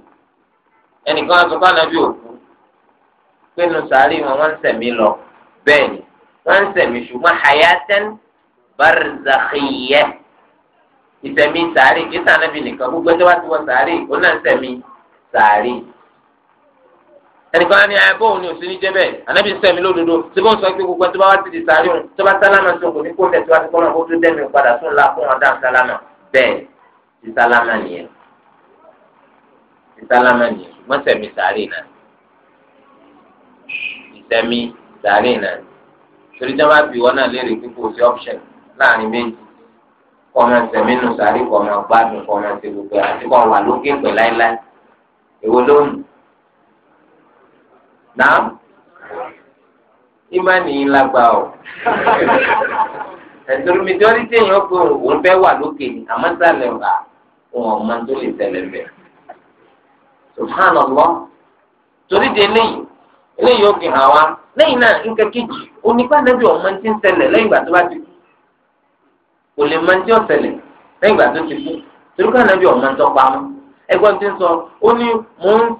A: ẹnìkan á sọ fún anabi òkú pé nu sàárì wọn wọ́n ń sẹ̀mí lọ bẹ́ẹ̀ ni wọ́n ń sẹ̀mí ṣùgbọ́n hayatan barzakhiyya ìsẹ̀mí sàárì kí sànàbì nìkan gbogbo ẹjọ́ bá ti wọ sàárì ó náà ń sẹ̀mí sàárì ẹnìkan ní ayé bóun ni òsì ní jẹ bẹ́ẹ̀ anabi sẹmi lódodo tí wọn sọ pé gbogbo ẹni tó bá wá ti di sáré òun tó bá sálámà tó kò ní kó lẹ tó bá ti kọ́ náà kó tó dẹ́mi padà tó ń la fún wọn dáhùn sálámà bẹ́ẹ̀ ti sálámà nìyẹn ìsálámà ni ṣùgbọ́n sẹ̀mí sàárè náà ìsẹ̀mí sàárè náà torí jẹ́ máa fi ìwọ náà léèrè pípò sí option láàrin méjì kọ́ máa sẹ̀mí nù sàárè kọ́ máa gbádùn kọ́ máa ṣe gbogbo àti kọ́ wà lókè pẹ̀ láéláé èwo ló ń náà ìmánì yín lágbá o ẹ̀sùn mi tí wọ́n ti ṣèyàn pé òun fẹ́ wà lókè ni àmọ́ sàlẹ̀ wà òun ọ̀ma tó lè tẹ̀lé mẹ́rin. lọ torí de eléyìí eléyìí ó fi hàn wá lẹ́yìn náà nǹkan kejì onípa nàbí ọmọ ti ń tó bá ti kú kò lè mọ ti ìgbà tó ti kú torí ká nàbí ọmọ ń ti ní mò ń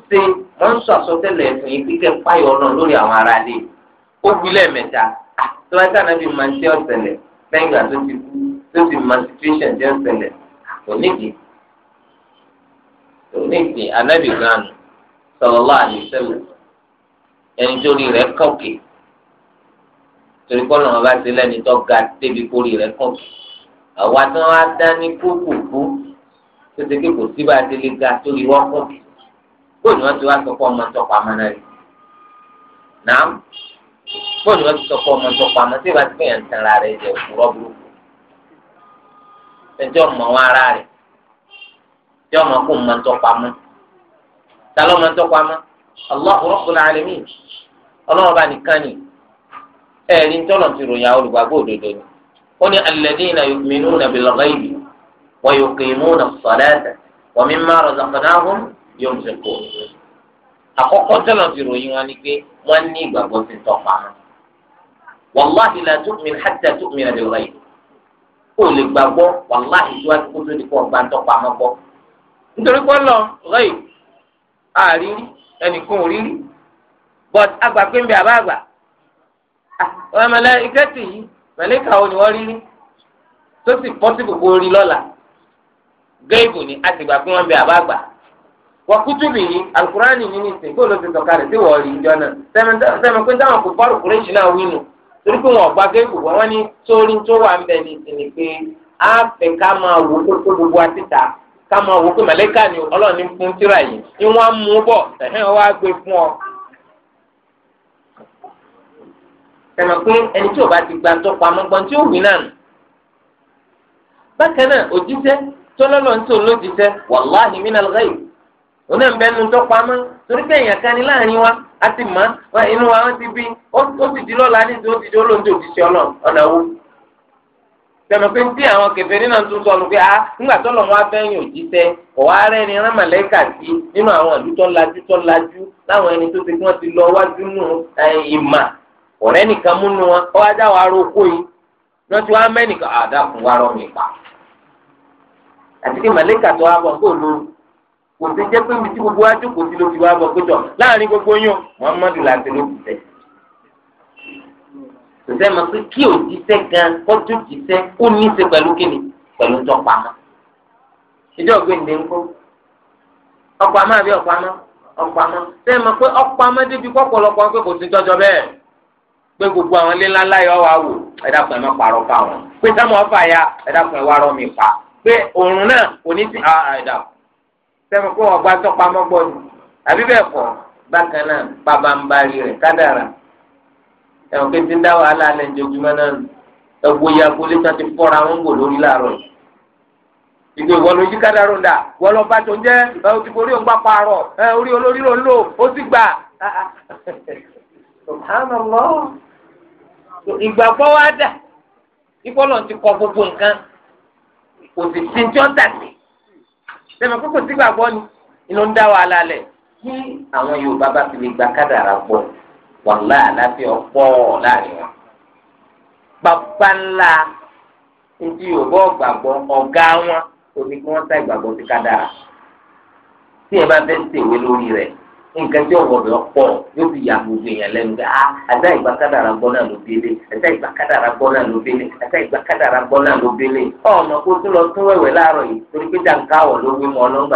A: se mò ń sọ yìí lórí àwọn ará ilé ó ah, tó bá nàbí mọ ti tó ti kú tó ti mọ situation ti onígbìn anábì ganu sallallahu alaihi wasallam ẹni tó rí rẹ̀ kọ̀kì torí kọ́ lọ́wọ́ bá ti lẹ́ni tó ga débi kó rí rẹ̀ àwa tí wọ́n á dá ní kúkúkú tó kò sí bá a ga tó rí wọ́n kọ̀kì ni wọ́n ti wá sọ pé ọmọ tó pa ọmọ náà rí nàám kó ni wọ́n ti sọ pé ọmọ tó pa ọmọ tí ìbá ti fẹ́yàn tán ara rẹ̀ jẹ́ burúkú ẹjọ́ mọ̀ wọn ara rẹ̀ tí ọmọ kò mọ ntọ́pamọ́ ta ló mọ ntọ́pamọ́ Allahu Rabbul Alamin ọlọ́wọ́ bá nìkan ni ẹ̀ẹ́dì ntọ́nà ti ròyìn àwọn olùgbàgbọ́ òdodo ni ó ní alladhina yu'minuna bil ghaibi wa yuqimuna as-salata wa mimma razaqnahum yunfiqun àkọ́kọ́ ntọ́nà ti ròyìn wọn ni pé wọ́n ní ìgbàgbọ́ ti ntọ́pamọ́ wàláhi la tu'min hatta tu'mina bil ghaibi kó o lè gbàgbọ́ wàláhi tó a ti kó tó di kó o gbà ntọ́pamọ́ gbọ́ nítorí pọ́lọ́ rẹ́yì àrírí ẹnìkan ò rírí but àgbà pé ń bẹ àbá àgbà àwọn ẹmẹlẹ ìkẹtì yìí mẹlẹka ò ní wọ́n rírí tó sì pọ́sibù kó rí lọ́la géèbù ni àtìgbà pé wọ́n bẹ àbá àgbà wàkútùbì yìí alukurani yìí ní ìsìn kó ló ti sọ̀kalẹ̀ sí wọ́ọ̀rì ìjọ náà sẹ́mi pé táwọn kò fọ́ọ̀rù kúrẹ́ṣì náà wí nù torí pé wọn ọgbà géèbù wọn ní sórí tó wà ń bẹ ní ìsìn ni pé á fẹ́ ká máa wò ó tó gbogbo àtìta ká máa wò pé màlẹ́kà ni ọlọ́run ní fún tíra yìí ni wọ́n á mú bọ̀ ọ. ẹ̀mọ̀ pé ẹni tí o bá ti gba tọ́pọ̀ tí ó wì náà nù. bákan náà òjíṣẹ́ tọ́lọ́lọ́ ní tòun lójíṣẹ́ wàláhì mí náà lọ́yìn òun náà wa a ti wa ti bí ó sì di lọ́la ní ti ó ti di olóńdó òjíṣẹ́ ọlọ́run tẹmọ pé tí àwọn kèfèrí náà tún sọnù pé ah nígbà tó lọ́wọ́ abẹ́yìn òjíṣẹ́ ọ̀wá rẹ́ni rán màlẹ́kà sí nínú àwọn ìlú tó lajú tó lajú láwọn ẹni tó ti kí wọ́n ti lọ wájú nù ìmà ọ̀rẹ́ nìkan múnú wọn ọwọ́ ajá wa roko yìí wọ́n ti wá mẹ́nìkan àdàkùn ah, wa rọ̀ mí pa. àti pé màlẹ́kà tó wá bọ̀ kó lóru kò sí jẹ́ pé ibi tí gbogbo wájú kò sí ló ti wá bọ̀ pé tọ̀ láàrin gbogbo yín tòtẹ́ mọ̀ pé kí òjíṣẹ́ gan kọ́jú jíṣẹ́ ó ní í ṣe pẹ̀lú kíni pẹ̀lú tọpamọ́. ìjọ gbèǹde ńkọ́ ọpamọ́ àbí ọpamọ́ ọpamọ́ tẹ́ mọ̀ pé ọpamọ́ débi pọ̀pọ̀lọpọ̀ pé kò sí jọjọ bẹ́ẹ̀ pé gbogbo àwọn ilé ńlá láyọ̀ wá wò ẹ̀dàpọ̀ ẹ̀ má parọ́ pa wọn pé sámọ̀ ọ̀fà ya ẹ̀dàpọ̀ ẹ̀ wá rọ́ mi pa pé òòrùn náà kò ní sí ah, ẹ̀dàpọ̀ tẹ́ mọ̀ pé ọgbà tọpamọ́ gbọ́ ni àbí bẹ́ẹ̀ kọ́ bákan náà pabambari rẹ̀ kádàrà ẹ̀wọ̀n kí ti ń dá wàhálà alẹ́ ìjọjúmọ́ náà nù ẹ̀wọ̀ ya kólé tí wọ́n ti fọ́ra wọn wò lórí làárọ̀ yìí. ìgbè wọ́n ló yí kádàrọ̀ dà wọ́n lọ bá tó ń jẹ́ ẹ̀ òtí orí òun gbà pààrọ̀ ẹ̀ orí olórí ló ń lò ó sì gbà. ìgbàgbọ́ wa dà ìfọlọ́ ti kọ gbogbo nǹkan kò sì ti jọ́ dàgbé sẹ́mi kókò sí gbàgbọ́ ni inú ń dá wàhálà alẹ́ kí àwọn Yorùbá bá fi lè gba kádàrà gbọ́ wàhálà àlàáfíà ọ̀pọ̀ láàrin wọn. bàbá ńlá ntí yorùbá ọgbàgbọ́ ọ̀gá wọn òní kí wọ́n sá ìgbàgbọ́ sí kádàrà. tí ẹ bá fẹ́ ṣèwé lórí rẹ̀ nǹkan tí ọ̀wọ́ rẹ̀ pọ̀ yóò fi yà gbogbo èèyàn lẹ́nu pé ah àtà ìgbà kádàrà gbọ́ náà ló délé àtà ìgbà kádàrà gbọ́ náà ló délé àtà ìgbà kádàrà gbọ́ náà ló délé ọ̀nà kó tún lọ tún wẹ̀wẹ̀ láàárọ̀ yìí torí pé jàǹkáwọ̀ ló wí mọ́ ọ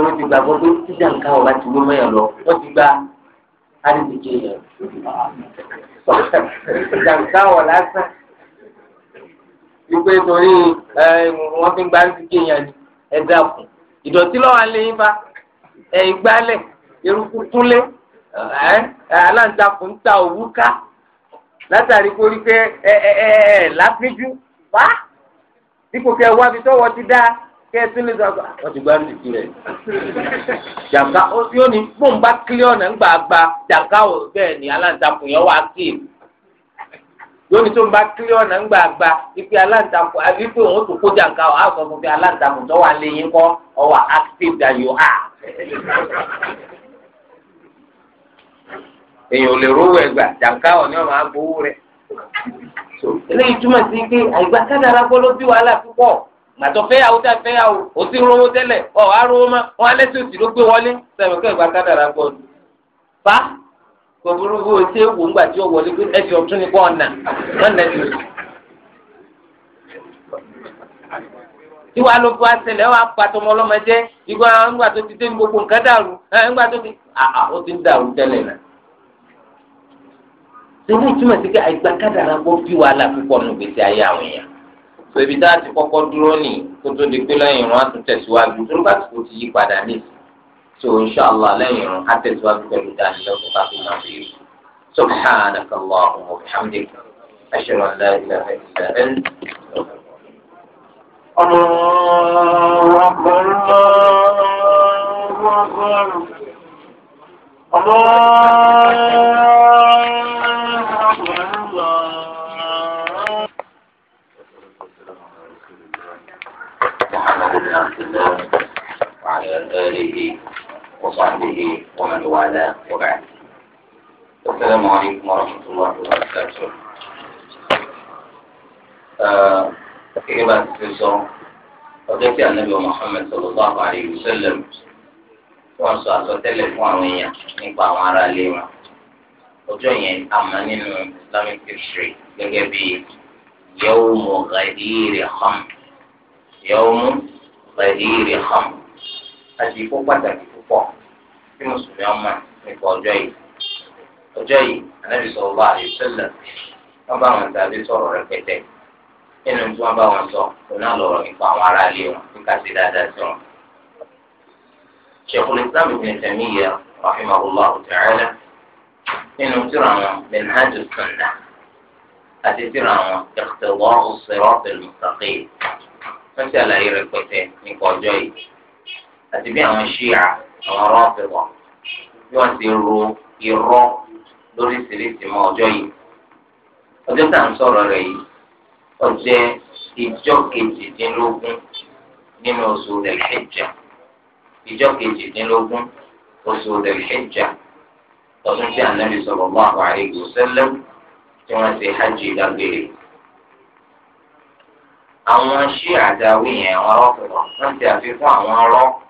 A: lórí ti gbàgbọ́ pé títà nǹkan ọ̀la ti mímọ́ yẹn lọ wọ́n ti gba alìdíje yẹn. títà nǹkan ọ̀la sàn wípé torí wọ́n fi gba alìdíje yẹn ẹ dàkún ìdọ̀tí lọ́wọ́ alẹ́ yín bá ẹ̀ ìgbálẹ̀ eruku túnlé aláǹtakùn ń ta òwú ká látàrí kó rí pé ẹ ẹ ẹ lápíjú wá dípò kẹ wá bí tọwọ́ ti dáa kẹ́ẹ̀tún lè sọ wọ́n ti gba rìsíkì rẹ̀ jàǹká ó tí ó ní bóńbá kílíọ̀nù ńgbà gba jàǹká ò bẹ́ẹ̀ ni aláǹtakùn yẹn wà kí yóò ní tó ń bá kílíọ̀nù ńgbà gba ipe aláǹtakùn àbí pé òun tó kó jàǹká ò á sọ fún pé aláǹtakùn tó wà léyìn kọ́ ọ wà active than you are. èèyàn ò lè rówó ẹgbà jàǹká ò ní ọmọ agbowó rẹ̀ eléyìí túmọ̀ sí pé àìgbà kádàrá ló bí wàhálà púpọ̀ gbàtọ́ fẹ́yàwó tá fẹ́yàwó ó ti rówó tẹ́lẹ̀ ọ̀ á rówó wọn alẹ́ tí ó ló gbé wọlé sẹ́mi kẹ́ ìgbà kádàrà gbọ́ fa kò o ṣe é wò ńgbà tí ó wọlé pé ẹsẹ̀ ọ̀tún ni bọ́ọ̀ nà wọ́n nà ẹsẹ̀ ọ̀tún. tí wàá ló bu àṣẹlẹ̀ wàá pa tọmọ ọlọ́mọ jẹ́ ìgbà ńgbà tó ti dé gbogbo nǹkan dàrú ńgbà tó ti àà ó ti ń dàrú tẹ́lẹ̀ náà. sẹ́yìn túmọ̀ sí pé àìgbà kádàrà gbọ́ bí wàhálà púpọ̀ nù gbèsè ayé àwọn èèyàn sọ̀bi tá a ti kọ́kọ́ dúró nì kó tó di pé lẹ́yìn irun á tún tẹ̀síwájú torípa tí kò ti yí padà ní so inshàlá lẹ́yìn irun á tẹ̀síwájú pẹ̀lú dánilẹ́kọ̀ọ́ káfí máa fi subhanaka allahumma wa bihamdika ashhadu an la ilaha illa anta الله أكبر الله أكبر الله آله وصحبه ومن والاه وبعد السلام عليكم ورحمة الله وبركاته gẹ́gẹ́ bá ti sọ النبي محمد صلى الله عليه وسلم wọ́n sọ àsọtẹ́lẹ̀ fún àwọn èèyàn nípa àwọn ará ilé wọn ọjọ́ yẹn àmọ́ nínú islamic history gẹ́gẹ́ bí yawmu ghadiri kham yawmu ghadiri kham. àṣìkò pàtàkì púpọ̀ tí mùsùlùmí ọmọ nípa ọjọ́ yìí ọjọ́ yìí ànábì sọ̀rọ̀ bá àlè sẹ́lẹ̀ wọ́n bá wọn tàbí sọ̀rọ̀ rẹpẹtẹ nínú tí wọ́n bá wọn sọ kò náà lọ̀rọ̀ nípa àwọn aráàlú wọn nípa sí dáadáa sí wọn. ṣèkùnrin Sheikhul Islam Ibn Taymiyyah rahimahullahu ta'ala nínú tíra wọn Minhaj as-Sunnah àti tíra wọn Iqtida'u as-Sirat al-Mustaqim wọ́n ti àlàyé rẹpẹtẹ nípa ọjọ́ yìí. àti bí àwọn ṣíà àwọn rọ́ọ̀fẹ́ wọn bí wọ́n ti ro irọ́ lóríṣiríṣi mọ́ ọjọ́ yìí ọjọ́ tá à ń sọ̀rọ̀ rẹ̀ yìí ọjọ́ ìjọ kejìdínlógún nínú oṣù rẹ̀ hijja ìjọ kejìdínlógún oṣù rẹ̀ hijja ọdún tí ànábì sallallahu alaihi wasallam tí wọ́n ti hajj dágbére àwọn ṣíà àdáwí yẹn àwọn rọ́ọ̀fẹ́ wọn ti àfikún àwọn rọ́ọ̀fẹ́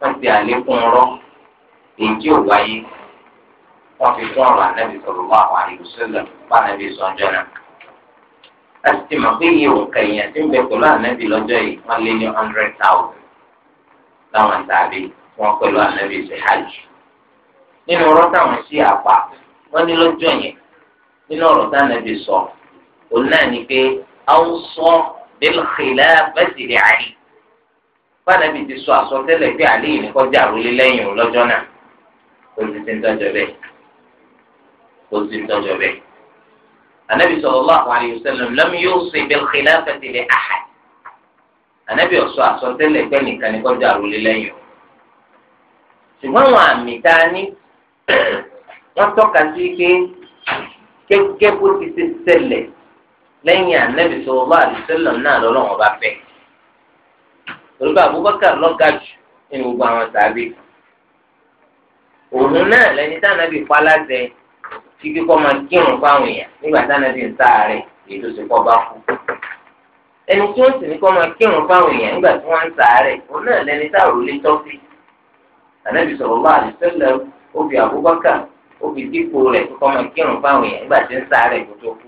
A: wọ́n ti àlékún ọ̀rọ̀ èyí tí ò wáyé wọ́n fi tún ọ̀rọ̀ ànábì sọ̀rọ̀ wá àwọn àlùsílẹ̀ bá ànábì sọ̀njọ́ náà. a sì ti mọ̀ pé iye òǹkà èèyàn ti ń bẹ pẹ̀lú ànábì lọ́jọ́ yìí wọ́n lé ní hundred thousand láwọn tàbí wọn pẹ̀lú ànábì sí hajj. nínú ọ̀rọ̀ táwọn sí àpá wọ́n ní lọ́jọ́ yẹn nínú ọ̀rọ̀ táwọn sọ òun náà ni fanabi ti sọ àsọtẹ́lẹ̀ pé àlẹ yìí nìkan jẹ àròlé lẹ́yìn lọ́jọ́ náà kò sì ti ń tọjọ bẹ́ẹ̀ kò sì ń tọjọ bẹ́ẹ̀ anabi sallallahu alayhi wa sallam lam yusi bil khilafati li ahad anabi ọsọ àsọtẹ́lẹ̀ pé nìkan nìkan jẹ àròlé lẹ́yìn o ṣùgbọ́n àwọn àmì tá a ní wọ́n tọ́ka sí pé gẹ́gẹ́ bó ti ṣe ṣẹlẹ̀ lẹ́yìn anabi sallallahu alayhi wa náà lọ́lọ́wọ́n bá fẹ́ẹ́ olùkọ́ Abubakar lọ́ga jù nínú gbogbo àwọn sàbí òun náà lẹni tánàbì paláṣẹ tí kíkọ́ máa kírun fáwọn èèyàn nígbà tánàbì ń sáàárẹ̀ èyí tó ti kọ́ bá kú ẹni tí wọ́n sì ní kọ́ máa kírun fáwọn èèyàn nígbà tí wọ́n ń sáàárẹ̀ òun náà lẹni táwọn olè tọ́sí ànábì sallallahu alaihi wasallam ó fi Abubakar ó fi dípò rẹ̀ kíkọ́ máa kírun fáwọn èèyàn nígbà tí ń sáàárẹ̀ kó tó kú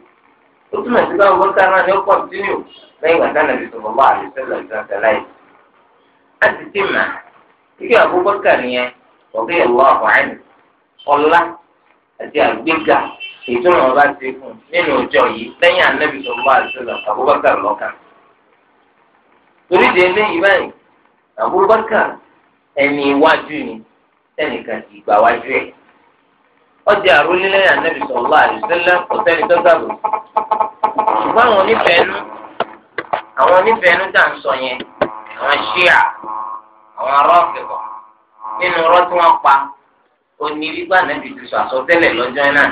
A: ó túmọ̀ sí báwo Abubakar láti ti mà ibi Abubakar yẹn ọ̀bẹ ìlú àbáyé ọlá àti àgbéga ètò ìrànwọ́ bá ti fún nínú ọjọ yìí lẹ́yìn anábì tó bá Abubakar lọ́kàn. torí de eléyìí Abubakar ẹni iwájú ni sẹ́nìkan kì gbà wájú ọjà bá tó àwọn àwọn àwọn ṣíà àwọn arọ́ọ̀kẹ̀kọ̀ nínú ọ̀rọ̀ tí wọ́n pa onírígbà nàbì ti sọ àsọtẹ́lẹ̀ lọ́jọ́ náà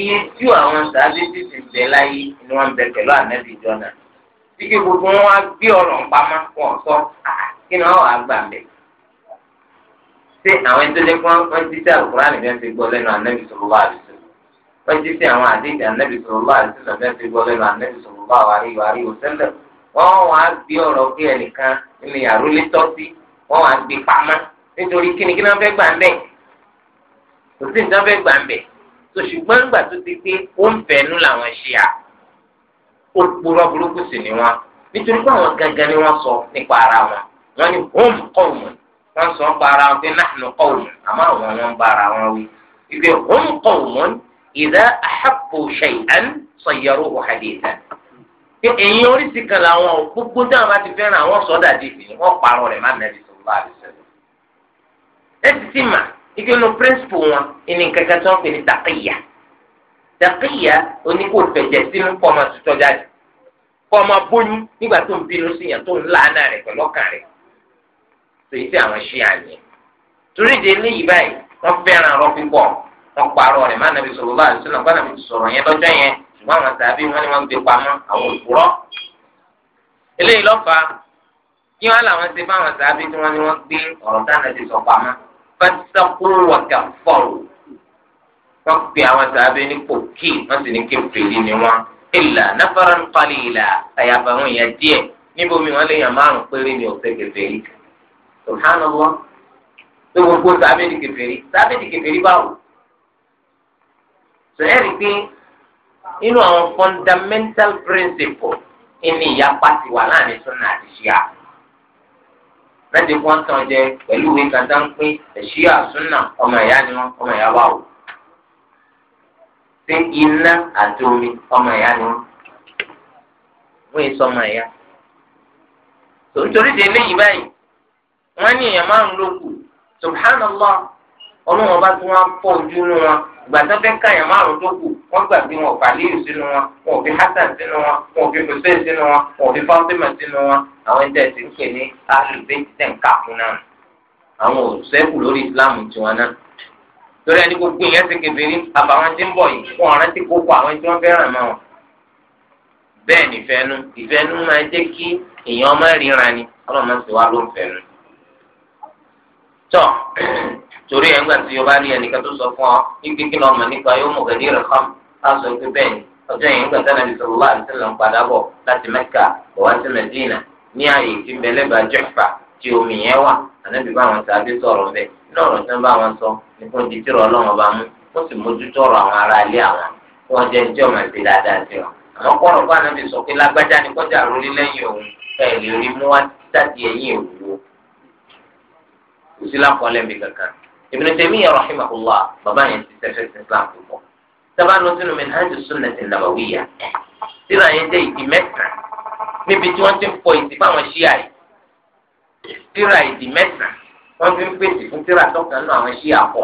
A: iye tí àwọn sàbí ti ti bẹ̀ láyé ni wọ́n bẹ pẹ̀lú ànábì jọ náà títí gbogbo wọn á gbé ọ̀rọ̀ pamọ́ wọn sọ kí ni wọ́n wà á gbà bẹ̀ ṣé àwọn ẹni tó dé fún wọn ti tẹ àkùrán nìkan ti gbọ́ lẹ́nu ànábì sọ̀rọ̀ wá àdìsọ wọ́n ti tẹ àwọn àdéhùn ànábì sọ̀rọ̀ wá àdìsọ náà fẹ́ẹ́ ti gbọ́ lẹ́nu wọ́n wá gbé ọ̀rọ̀ pé ẹnìkan ní àrólé tọ́sí wọ́n wá gbé pamọ́ nítorí kíni kí náà fẹ́ gbà ń bẹ̀ kò sí nǹkan fẹ́ gbà ń bẹ̀ tó ṣùgbọ́n nígbà tó ti pé ó ń bẹ̀ẹ́nu làwọn ṣe à ó purọ́ burúkú sí ni wọn nítorí pé àwọn gangan ni wọ́n sọ nípa ara wọn wọ́n ní hom kọ́ọ̀mù wọ́n sọ nípa ara wọn pé náà kọ́ọ̀mù àmọ́ àwọn wọn bá ara wọn wí ìgbé hom kọ́ọ̀mù ìdá àhàpọ̀ ṣẹ̀yán sọ̀yẹ̀rọ̀ pé èyí oríṣi kan làwọn ò gbogbo dáhùn bá ti fẹ́ràn àwọn sọ́dà di ìsìn wọ́n parọ́ rẹ̀ má nàbí tó bá rí sẹ́lẹ̀. ẹ ti ti mà ike nu píríncípù wọn ìní kankan tí wọ́n pè ní dàkìyà dàkìyà oníkó fẹ̀jẹ̀ sínú kọ́ ọmọ tutọ́ jáde kọ́ ọmọ bóyún nígbà tó ń bínú sí yàn tó ń làánà rẹ̀ pẹ̀lú ọkàn rẹ̀ èyí tí àwọn ṣí àyè torí ìdè eléyìí báyìí wọ́n fẹ́ràn rọ́ pípọ̀ wọ́n parọ́ rẹ̀ má nàbí sọ̀rọ̀ bá àdìsọ́nà wọn àwọn tàbí wọn ni wọn gbé pamọ́ àwọn òpùrọ́ eléyìí lọ́fà kí wọn làwọn ṣe fáwọn tàbí tí wọn ni wọn gbé ọ̀rọ̀ dáná ti sọ pamọ́ fẹsẹkúrò wọkà fọrò wọn pe àwọn tàbí ní pòkì wọn sì ní kékeré ni wọn ìlà náfàrà ń palẹ ìlà àyàfà wọn yẹn díẹ̀ níbo mi wọn lè yàn márùn péré ni òfé kékeré subhanallah tó gbogbo tàbí di kékeré tàbí di kékeré báwo sọ ẹ́ rí pé. inú àwọn fundamental principle ìní ìyapa ti wà láàrin sunna àti ṣíà láti kún tán jẹ pẹ̀lú ìwé suna ń pín sunna ọmọ ìyá ni wọn ọmọ ìyá wà o iná omi ọmọ ìyá ni wọn ya. èso ọmọ ìyá nítorí ti eléyìí báyìí wọn ní èèyàn márùn ló kù subhanallah ọlọ́wọ́n bá tún gbàtà fẹ́ káyàn márùn tó kù wọ́n gbà bí wọn fàlíyù sínú wọn wọn ò fi hasan sínú wọn wọn ò fi hussein sínú wọn wọn ò fi fatima sínú wọn àwọn ẹ̀dá ẹ̀sìn ń pè ní alùbẹ́tẹ̀ káfún náà àwọn òṣèkù lórí ìsìláàmù tiwọn náà lórí ẹni gbogbo ìyẹn ti kébìrì àbàwọn tí ń bọ̀ yìí wọn rántí kókó àwọn tí wọ́n fẹ́ràn mọ́ wọn. bẹ́ẹ̀ ni ìfẹ́nu ìfẹ́nu máa jẹ́ kí èèyàn má ríran ni ọlọ́run máa ń sèwá ló ń fẹ́nu. tọ́ torí ẹ̀ ń gbà tí o bá rí ẹnìkan tó sọ fún ọ ní kíkí lọ́mọ nípa yóò mọ̀ gẹ́gẹ́ rẹ̀ kọ́ á sọ bẹ́ẹ̀ ni ọjọ́ yẹn ń gbà tánà bíi sọ̀rọ̀ láti tẹ̀lé ń padà bọ̀ láti Mẹ́kà bọ̀ wá sí Mẹ́dínà ní ààyè tí ń bẹ lẹ́bàá Jẹ́fà tí omi yẹn wà ànábì bá wọn tàbí sọ̀rọ̀ bẹ́ẹ̀ nínú ọ̀rọ̀ tí wọ́n bá wọn sọ nípa ti tìrọ̀ ọlọ́wọ́n bá mú wọ́n sì mójútó ọ̀rọ̀ àwọn ará ilé àwọn kí wọ́n jẹ́ ní ọmọ ìdílé dáadáa sí ni kọjá rólé lẹ́yìn òun ẹ̀ lè rí mú wá jáde ẹ̀yìn òwúwo Ibn Taymiyyah rahimahullah bàbá yẹn ti sẹfẹ sí islam púpọ̀ sábàánu sínú Minhajus Sunnah an-Nabawiyyah síra yẹn jẹ ìdí mẹ́ta níbi tí wọn ti ń fọ ìdí fáwọn ṣíà yìí síra ìdí mẹ́ta wọn fi ń pèsè fún síra tọkàn náà àwọn ṣíà pọ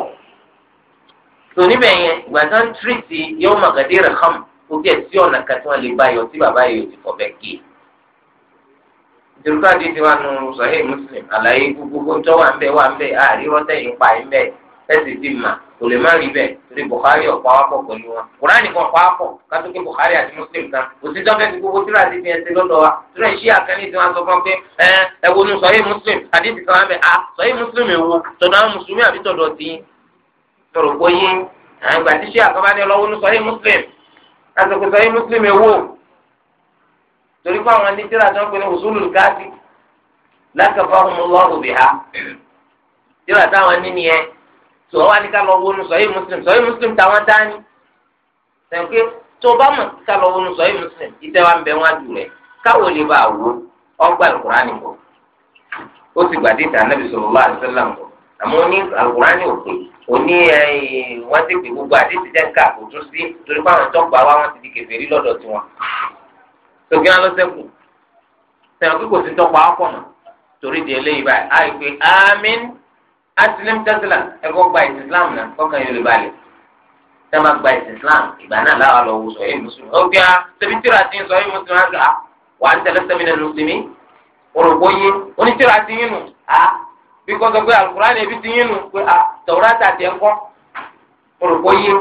A: tò níbẹ̀ yẹn ìgbà tí wọn tírìtì yawma Ghadir al-Khamr kò tiẹ̀ sí ọ̀nà kan tí wọn lè bá yọ tí bàbá yìí ò ti fọ bẹ́ẹ̀ kéè ìrúkọ àdìsí wa nù sọhí muslim àlàyé gbogbo tó wà ń bẹ wà ń bẹ àríwọ tẹyìn pa ẹ bẹ ẹsì ti mà kò lè má rí bẹ torí bukhari ọ̀pọ̀ awapọ̀ pẹ̀lú wọn kùránì kan pa ápọ̀ kátókè bukhari àti muslim kan òsì dọ́kẹ́ ti gbogbo tíra àti ìfihàn ti lọ́dọ̀ wa tíra ìṣí àkẹ́lẹ́ ti wọn sọ fún pé ẹ ẹ wo nu sọhí muslim àdìsí kan wà ń bẹ ah, muslim èwo tọ̀dọ̀ àwọn mùsùlùmí àbí tọ̀dọ̀ ti tọ̀rọ̀ gbóyè àgbà tíṣe àkọ́bá torí pé àwọn anítìrà tó ń pè ní usulul káàdì lákàfà ọmọlọ́rù bì ha tíra táwọn níní yẹn tó wá ní ká lọ sọ̀yìn muslim sọ̀yìn muslim táwọn dání sẹ́ńké tó bá mọ̀ ká lọ wọnú sọ̀yìn muslim ìtẹ́wà ń bẹ wọn àdùn rẹ̀ káwọ́ lè bá wọ ọgbà alukurani kọ ó sì gbàdé ìtàn anábì sallallahu alaihi wasallam kọ àmọ́ ó ní alukurani òkè ó ní wọ́n ti pè gbogbo àdé ti dẹ́ka kò tún sí torí tòkí náà ló sẹ́kù sẹ́yìn kíkò sí tọ́pọ̀ akọ̀nà torí di eléyìí báyìí àìpé àmín asilim tẹ́sílà ẹ̀kọ́ gba ìsìn islam náà kọ́kàn yóò lè balẹ̀ tẹ́ máa gba ìsìn islam ìgbà náà láwa lọ wò sọ yìí mùsùlùmí ó bí a tẹbi tíra ti ń sọ yìí mùsùlùmí á gbà wà á tẹ̀lé sẹ́mínà mùsùlùmí òrògbó yé onítíra ti yín nù á ah, bí kò sọ pé alukur'an ebi ti yín nù pé a ah, tọ̀wúrátà tẹ̀ ń kọ́ òrògbó yé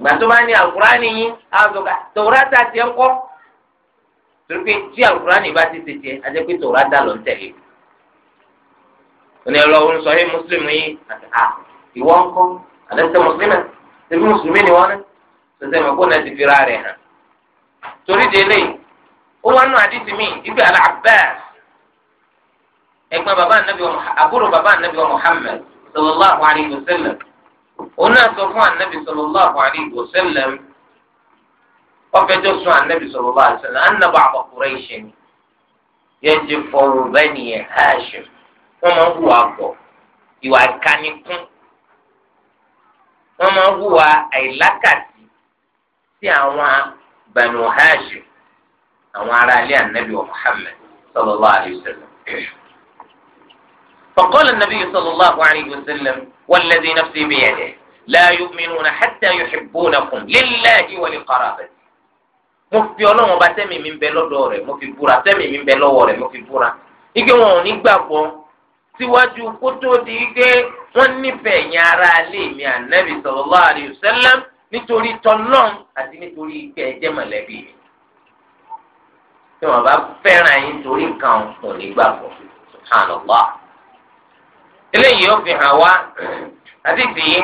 A: gbàtọ́ bá ní alukur'an yín á sọ pé tọ̀wúrátà ah, tẹ̀ torí pé tí alukurani bá ti tètè ajẹ́ pé tòun á lọ tẹ̀lé òní ẹ̀rọ òun sọ yé mùsùlùmí yìí àti à ah, ìwọ ńkọ́ àdẹ́sẹ̀ mùsùlùmí ṣẹbi mùsùlùmí ni wọ́n ṣẹṣẹ mọ̀ kó náà ti fira hàn torí délé ó nù àdìsí mi ibi àlà Abbas ẹ̀gbọ́n bàbá anabi àbúrò Muhammad sallallahu alayhi wa sallam òun náà anabi sallallahu alayhi wa sallam. ọfẹjọ sún anabi sọlọ bá àṣẹ náà anaba àkọkùrẹ ìṣẹ ni yẹn ti fọwọ bẹ́ẹ̀ nìyẹn Hashim wọn máa ń hùwà bọ ìwà ìkánikún wọn máa ń hùwà àìlákàtì sí àwọn Banu Hashim àwọn aráalé anabi wa Muhammad sọlọ bá àṣẹ náà. فقال النبي صلى الله عليه وسلم والذي نفسي بيده لا يؤمنون حتى يحبونكم لله ولقرابته mo fi ọlọ́run ọba tẹ́mi mi ń bẹ lọ́dọ̀ rẹ̀ mo fi búra tẹ́mi mi ń bẹ lọ́wọ́ rẹ̀ mo fi búra ike wọn ò ní gbàgbọ́ síwájú kó tó di ike wọ́n nífẹ̀ẹ́ yẹn ara alẹ́ mi ànábì sallallahu alayhi wa sallam nítorí tọ́lọ́n àti nítorí ike ẹ̀jẹ̀ mọ̀lẹ́bí mi tí wọ́n bá fẹ́ràn yín torí nǹkan ò ní gbàgbọ́ subhanallah eléyìí ó fi hàn wá àti tìyí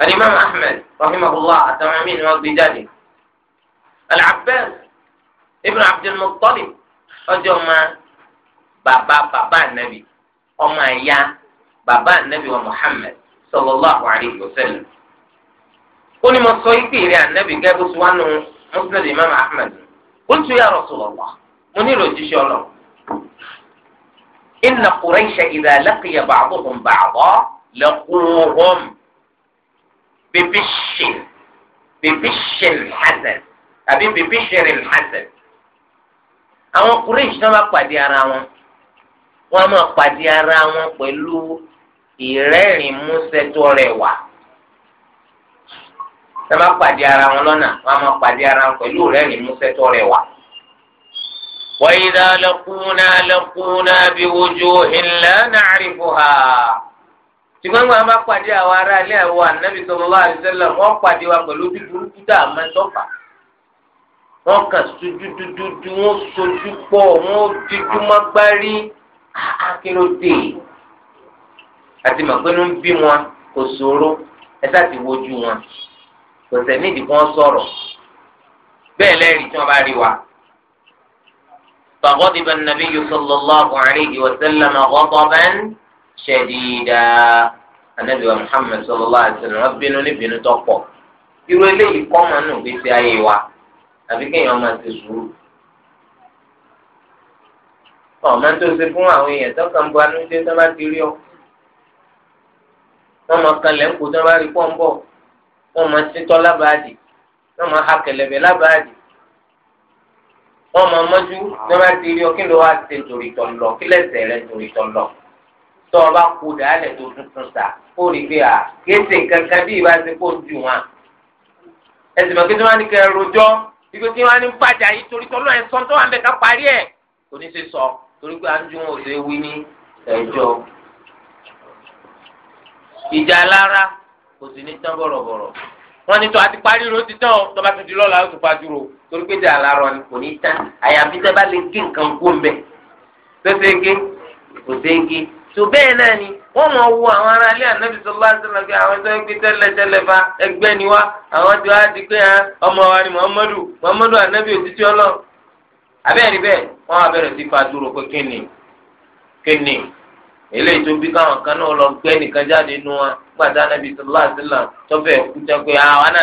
A: alimami ahmed rahimahullah àtàwọn míì ni wọ́n gbé jáde. Al-Abbas ibn Abdul Muttalib ọjọ́ ma bàbá bàbá ànábì ọmọ àyà bàbá ànábì wa Muhammad sallallahu alayhi wa sallam. ó ní mo sọ ike ìrìn ànábì gẹ́gẹ́ bó wà nù Musnad Imam Ahmad qultu ya Rasulullah mo ní ìròjíṣẹ́ ọlọ́run. inna Quraysha idha laqiya ba'duhum ba'dan laquhum bíbíṣìn bíbíṣìn hasan àbí bèbí ṣẹlẹ̀ lásẹ̀. àwọn kùrẹ́ẹ̀sì náà bá pàdé ara wọn wọ́n á máa pàdé ara wọn pẹ̀lú ìrẹ́rìn músẹ́ tó rẹwà. tá a pàdé ara wọn lọ́nà wọ́n máa pàdé ara wọn pẹ̀lú ìrẹ́rìn músẹ́ tó rẹwà. وإذا لقونا لقونا بوجوه لا نعرفها ṣùgbọ́n ما bá pàdé àwọn ará ilé àwọn ànábì sallallahu alaihi wasallam wọ́n pàdé wa pẹ̀lú dúdú dúdú àmọ́ wọ́n kàn sojú dúdúdú wọ́n sojú pọ̀ wọ́n dídú má gbárí akéròdé àti màgbénu ń bí wọn kò ṣòro ẹsẹ àti wojú wọn kò sẹ́ni ìdí kan sọ̀rọ̀ bẹ́ẹ̀ lẹ́rìí tí wọ́n bá rí wa. فغضب النبي صلى الله عليه وسلم غضبا شديدا النبي محمد صلى الله عليه وسلم ربنا لبنا تقوى irú eléyìí kọ́ mọ́ nù gbèsè ayé wa àfi kéèyàn máa ti sùúrù ọ̀ máa ń tó ṣe fún àwọn èèyàn tó kàn bu anújẹ́ tó bá ti rí ọ wọ́n máa kan lẹ́ńkù tó bá rí pọ̀ ń bọ̀ wọ́n máa títọ́ lábàádì wọ́n máa ha kẹlẹ̀bẹ̀ lábàádì wọ́n máa mọ́jú tó bá ti rí ọ kí ló wá ṣe torí tọ̀ lọ kí lẹ́sẹ̀ rẹ torí tọ̀ lọ tó o bá kú dàálẹ̀ tó tuntun sà ó rí i pé à kéésì kankan bí ìbá ṣe kó ju wọn ẹ̀sìn mọ̀ kí tó bá ní kẹ́ ẹ rojọ́ ìgbè kí wọn ní bàjá yìí torí tọ́lọ́ ẹ̀ sọ́n tó wà bẹ́ẹ̀ ká parí ẹ̀ kò ní í ṣe sọ torí pé àńjú wọn ò ṣe wí ní ẹjọ́ ìjà alára kò sì ní tán bọ̀rọ̀bọ̀rọ̀ wọn ní tó àti parí ro ti tán o tó bá ti di lọ́la ó tún fajúro torí pé ìjà alára ni kò ní í tán àyàfi tẹ́ bá lè gé nǹkan kó ń bẹ̀ tó ṣe gé kò ṣe é gé tó bẹ́ẹ̀ náà ni wọ́n mọ̀ wo àwọn ará ilé ànábì sọlá sọlá pé àwọn tó ń gbé tẹ́lẹ̀ tẹ́lẹ̀ bá ẹgbẹ́ ni wá àwọn tó á di pé ọmọ wa ni muhammadu muhammadu ànábì òtítí ọlọ́ abẹ́rẹ́ bẹ́ẹ̀ wọ́n á bẹ̀rẹ̀ sí fàdúró lọ gbé nìkan jáde wọn gbàtà ànábì sọlá sọlá tó fẹ́ pé ah, àwọn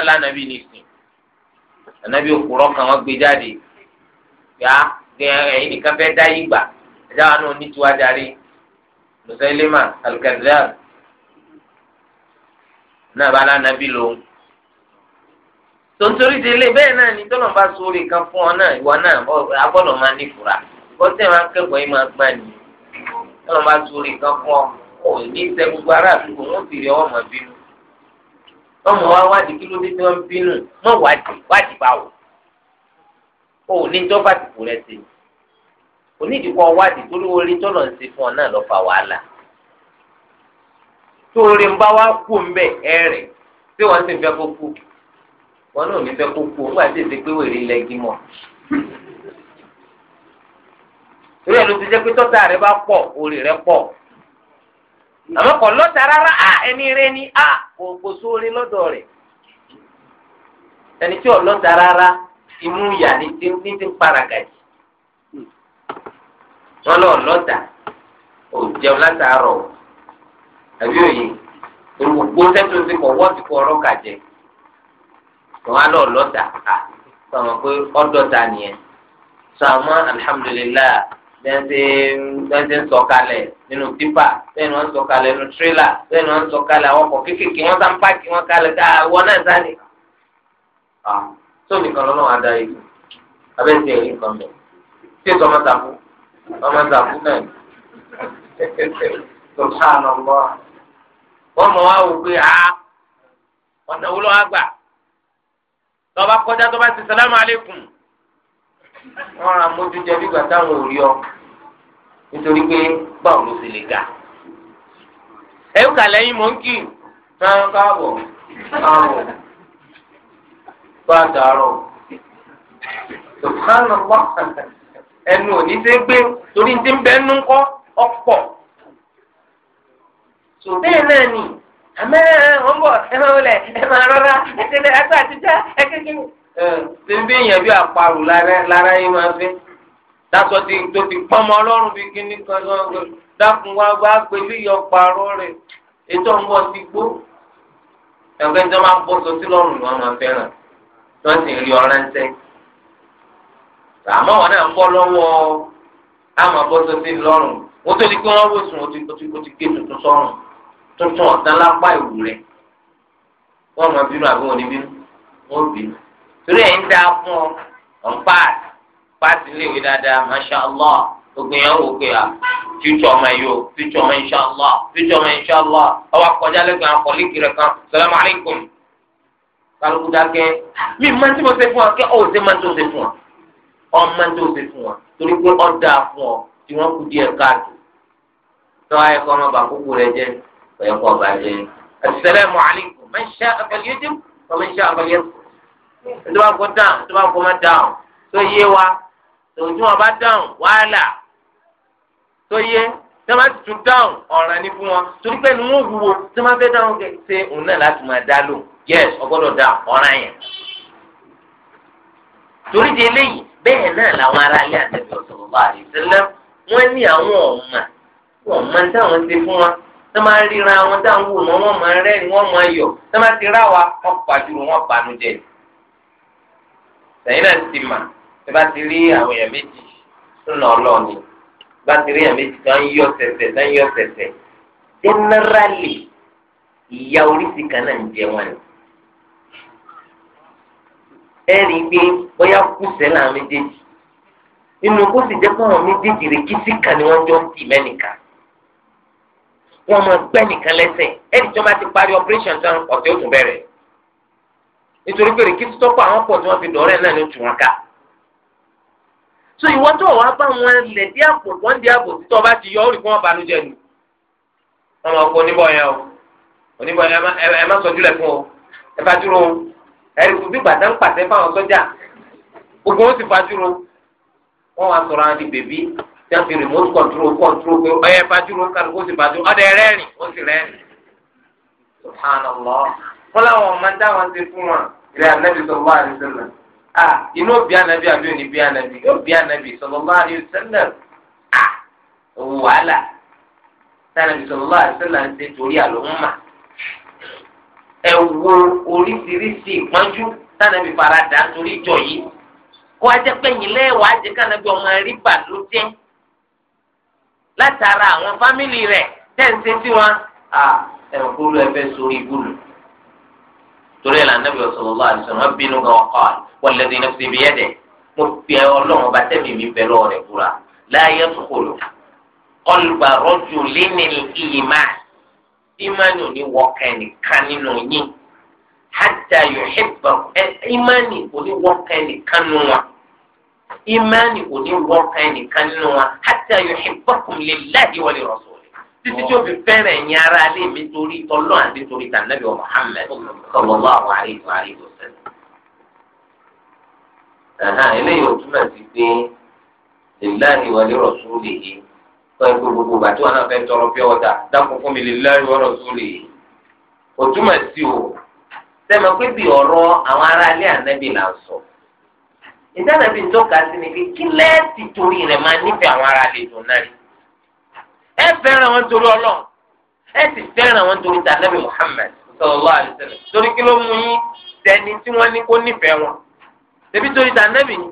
A: ànábì òkúrọ́ kan wọ́n gbé jáde yá musailima alikazab náà bá lánàbí lòun tontori délé bẹ́ẹ̀ náà ni tọ́lọ̀ bá sórí kan fún ọ náà ìwọ náà agbọ́dọ̀ máa ní ìfura bọ́sẹ̀ máa kẹ́kọ̀ọ́ yìí máa gbá ni tọ́lọ̀ bá sórí kan fún ọ kò ní sẹ́ gbogbo ará àdúgbò wọn sì rí ọwọ́ mọ̀ bínú ọmọ wa wádìí kí ló dé tí wọ́n bínú mọ̀ wádìí wádìí báwò kò ní jọba tìpó rẹ̀ sí i. onídìíkọ wádìí torí orí tọ́lọ̀ ń ṣe fún ọ náà lọ fa wàhálà torí ń bá wá kú mbẹ ẹrẹ tí wọn sì ń fẹ́ kó kú wọn náà ní fẹ́ kó kú wọn àti ètè pé wèrè lẹgí mọ torí ẹ ló ti jẹ́ pé tọ́ta rẹ bá pọ̀ orí rẹ pọ̀ àmọ́ kò lọ́ta rárá à ẹni rẹ ni à kò kò sóore lọ́dọ̀ rẹ̀ ẹni tí ò lọ́ta rárá imú yà ní ti ń para gàdí. wọn lọ lọta ò jẹun látàárọ̀ àbí òye gbogbo sẹtù ti kọ wọọtì kọ ọ̀rọ̀ kàjẹ wọn lọ lọta à sọmọ pé ọdọta nìyẹn sọmọ alihamudulilayi bẹ́ẹ̀ ń sọ̀kalẹ̀ nínú pípà bẹ́ẹ̀ ni wọ́n sọ̀kalẹ̀ nínú tírélà bẹ́ẹ̀ ni wọ́n sọ̀kalẹ̀ àwọn ọkọ̀ kéékèèké wọ́n sáà ń pààkì wọ́n kalẹ̀ ká wọ́n náà sáré. tó nìkan lọ́nà wa dá yìí abẹ́ ti ẹ̀rí nǹkan bẹ̀ tí èso ọmọ fún ọmọ ìdàkú náà tó sànù lọ. wọ́n mọ̀ wá wò pé a ọ̀nà wo ló wá gbà tọ́ba kọjá tọ́ba ti sàlámù alẹ́kùn wọ́n ra mójú jẹ bí gbàtà wọn ò rí ọ nítorí pé báwo ló sì lè ga ẹ yóò kà lẹ́yìn mọ́ńkì náà káàbọ̀ káàbọ̀ bá a dàrọ̀ subhanallah ẹnu òní ṣe gbé torí ti ń bẹ nú kọ́ ọ̀pọ̀. sò bẹ́ẹ̀ náà nì àmọ́ wọ́n bọ̀ ẹ máa wọlé ẹ máa rọra ẹ ti lẹ ẹgbẹ́ àtijọ́ ẹ kékeré. ẹ ṣe ń bí èèyàn bí àparò lára yín máa fẹ́ dáṣọ ti tó ti pọ́n mọ́ ọlọ́run bí kíní kan dákun wá wá pé líyọ parọ́ rẹ̀ ètò ń bọ̀ ti gbó ẹ̀fẹ́ tí wọ́n máa bọ́ sọ sí lọ́rùn ni wọ́n máa fẹ́ràn tí wọ́n sì ń rí ọ̀rẹ́ ń àmọ́ wọn náà ń bọ́ lọ́wọ́ àmọ́ bọ́ tó ti lọ́rùn wọ́n tó di pé wọ́n wòsàn ó ti ó ti gé tuntun sọ́rùn tuntun ọ̀tán lápá ìwù rẹ̀ wọ́n mọ bínú àbí wọn ní bínú wọ́n bínú torí ẹ̀ ń dáa fún ọ ọ̀n páàtì páàtì léwe dáadáa masha allah gbogbo yẹn wò pé à ah, fíjọ ọmọ yìí o fíjọ ọmọ insha allah fíjọ ọmọ insha allah ọwọ́ akọjá lẹ́gbẹ̀ẹ́ akọ̀lẹ́kì rẹ̀ kan salamu alaykum kálukú dákẹ́ ah, mi máa ń tí mo ṣe fún ọ kẹ́ ọ̀ ṣe máa ń tó ṣe fún ọ ọmọ tó ṣe fún wọn torí pé ọ̀dà fún ọ tí wọ́n kú díẹ̀ káàtó tó ayé kọ́ ọmọ bàkúkú rẹ jẹ́ ọ̀yẹ́ kọ́ ọba jẹ́ asalaamu alaykum man sha'a falyujib wa man sha'a falyakfur tó bá kó dáhùn tó bá kó má dáhùn tó yé wa tó tún dáhùn wàhálà tó yé tó bá tún dáhùn ọ̀ràn ní fún wọn torí pé ni wọ́n wúwo tó má fẹ́ dáhùn kẹ́ ṣe òun náà láti máa dá lò yẹ́s ọgbọ́dọ̀ dá ọ̀ràn yẹn torí di eléyìí bẹ́ẹ̀ náà làwọn aráalé àtẹ̀bí ọ̀sọ̀rọ̀ bá àdìsẹ́lẹ̀ wọ́n ní àwọn ọ̀mà wọ́n máa ń dáwọn ṣe fún wọn tó máa ń ríra wọn dáhùn wò wọn wọ́n máa ń rẹ́rìn wọ́n máa ń yọ̀ tó máa ti rá wa wọ́n pàjùrò wọ́n bànújẹ́ sẹ́yìn náà ti mà tó bá ti rí àwọn èèyàn méjì ńlọ ọlọ́ọ̀ni bá ti rí èèyàn méjì tó ń yọ sẹ̀sẹ̀ tó ń yọ sẹ̀sẹ̀ generally ìyá oríṣi kan náà ń jẹ wọn ni ẹ̀rí pé bóyá kù sẹ́là méjèèjì inú kó sì jẹ́ pé àwọn méjèèjì rẹ̀ kìsì kan ni wọ́n jọ ń tì mẹ́nìkan wọ́n máa gbẹ́ nìkan lẹ́sẹ̀ ẹ̀rí tí wọ́n bá ti parí operation tán ọ̀tẹ̀ ó tún bẹ̀rẹ̀ nítorí pé rìkìsì tó pa àwọn pọ̀ tí wọ́n fi dọ̀rẹ́ náà ló tù wọn ká so ìwọ tó wà bá wọn lẹ̀ dí àpò wọ́n dí àpò títọ́ bá ti yọ ó rí fún ọ̀bànújẹ́ nù wọ́n máa kó oníbọ̀ yẹn o oníbọ̀ yẹn ẹ má sọjú lẹ̀ fún o ẹ bá dúró o ẹ̀rí kùbí gbàdá ń pàṣẹ fáwọn sọ́jà gbogbo wọn sì fajúro wọn wá sọ̀rọ̀ àwọn di bèbí tí wọ́n fi remote control control pé ọ̀yẹ́ fajúro kálukú sì fajúro ọ̀dẹ̀ rẹ́rìn ó sì rẹ́rìn subhanallah wọn làwọn ọmọ dáwọn ti fún wọn ìrẹ́ ànábì sallallahu alaihi wasallam ah inú bí ànábì àbí òní bí ànábì yóò bí ànábì sallallahu alaihi wasallam ah wàhálà tí ànábì sallallahu alaihi wasallam ń ṣe torí àlòmọ́ ẹ wo oríṣiríṣi ìpọ́njú tánàbí farada torí ìjọ yìí kó ajẹ́ pẹ́yìn lẹ́wọ̀ ajẹ́ kánàbí ọmọ rí bà ló jẹ́ látara àwọn fámìlì rẹ̀ tẹ̀sí sí wọn ẹ̀rọ kúrú ẹ fẹ́ sórí ìbúlù torí ẹ̀ lànà bí sallallahu alaihi wasallam bínú gan ọkọ̀ walladhi nafsi biyadihi mo fi ọlọ́run ọba tẹ́mi mi bẹ̀rẹ̀ ọ̀rẹ́ kúra la yadkhulu qalba rajulin al-iman ìmánì òní wọ́ọ̀kà ẹnìkan nínú yín hatta yuhibbu ẹ ìmánì òní wọ́ọ̀kà ẹnìkan nínú wa ìmánì òní wọ́ọ̀kà ẹnìkan nínú wa hatta yuhibbukum lillahi wa li rasuli títí tí o fi fẹ́rẹ̀ ẹ̀yin ara alẹ́ mi torí tọ́lọ́ àti torí tànàbí wa Muhammad sallallahu alaihi wa alihi wasallam. eléyìí ò túmọ̀ sí pé lillahi wa li rasulihi wọn kó gbogbo ìgbà tí wọn náà fẹ́ tọrọ pé ọdà dákun fún mi lillahi wa rasuli kò túmọ̀ sí o sẹ́mi pé bí ọ̀rọ̀ àwọn ará ilé ànábì là ń sọ ìdánábì ń tọ́ka sí ni pé kí lẹ́ẹ̀tì torí rẹ̀ máa nífẹ̀ẹ́ àwọn ará ilé dùn náà rí ẹ fẹ́ràn wọn torí ọlọ́run ẹ sì fẹ́ràn wọn torí tànábì Muhammad sallallahu alaihi torí kí ló mú yín tẹni tí wọ́n ní kó nífẹ̀ẹ́ wọn tẹbi torí tànábì yín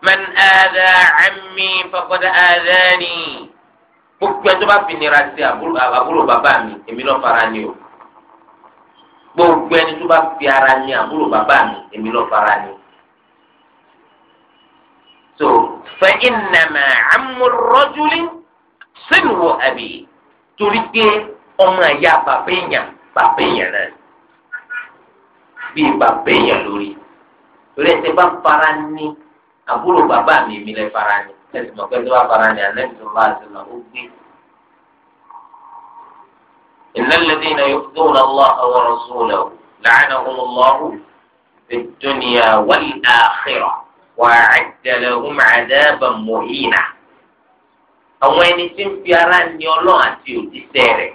A: من ada عمي fakọdà adani gbogbo ẹni tó bá fi nira sí àbúrò bàbá mi èmi lọ fara ni o gbogbo ẹni tó bá fi ara ni àbúrò bàbá mi èmi lọ fara ni so fa innama amu rọjuli sínú àbí torí pé ọmọ ẹ̀yà bàbá èèyàn bàbá èèyàn náà bíi bàbá èèyàn lórí torí ẹsẹ̀ bá fara ni àbúrò bàbá mi mi lẹ fara ni ẹsùn mọ̀ pé tó fara ni àná ìṣòro bá ti lọ ó gbé. إن الذين يؤذون الله ورسوله لعنهم الله في الدنيا والآخرة وأعد لهم عذابا مهينا àwọn ẹni tí ń fi ara ní ọlọ́run àti òjíṣẹ́ rẹ̀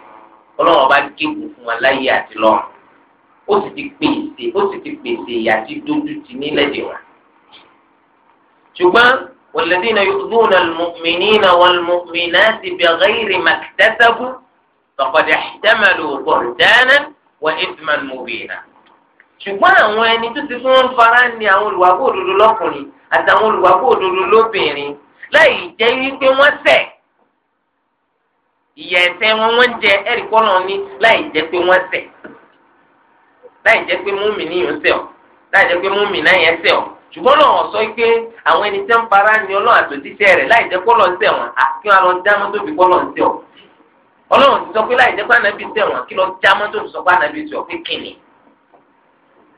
A: ọlọ́run bá gébù fún wọn láyé àti lọ́run ó sì ti pèsè ó sì ti pèsè ìyà ṣùgbọ́n wàlẹ́dínà yu'dhuna al-mu'minina wal-mu'minati bighayri maktasabu faqad ihtamalu buhtanan wa ithman mubina ṣùgbọ́n àwọn ẹni tó ti fún fara ni àwọn olùwàgbọ́ òdodo lọ́kùnrin àtàwọn olùwàgbọ́ òdodo lóbìnrin láì jẹ́ wípé wọ́n ṣẹ̀ ìyà ẹ̀ṣẹ̀ wọn wọ́n jẹ ẹ̀rí kọ́nà ní láì jẹ́ pé wọ́n ṣẹ̀ láì jẹ́ pé múmi níyàn ṣẹ̀ ọ́ láì jẹ́ pé múmi náà yẹn ṣẹ̀ ọ́ ṣùgbọ́n náà wọ́n sọ pé àwọn ẹni tẹ́ ń para ni ọlọ́run àtòjíṣẹ́ rẹ̀ láì jẹ́ kọ́lọ́ ń tẹ̀ wọ́n àti wọn lọ já mọ́tò fi kọ́lọ́ ń tẹ̀ ọ́ ọlọ́run ti sọ pé láì jẹ́ pàànàbí tẹ̀ wọ́n kí lọ já mọ́tò fi sọ pàànàbí tẹ̀ ọ́ pé kìnnì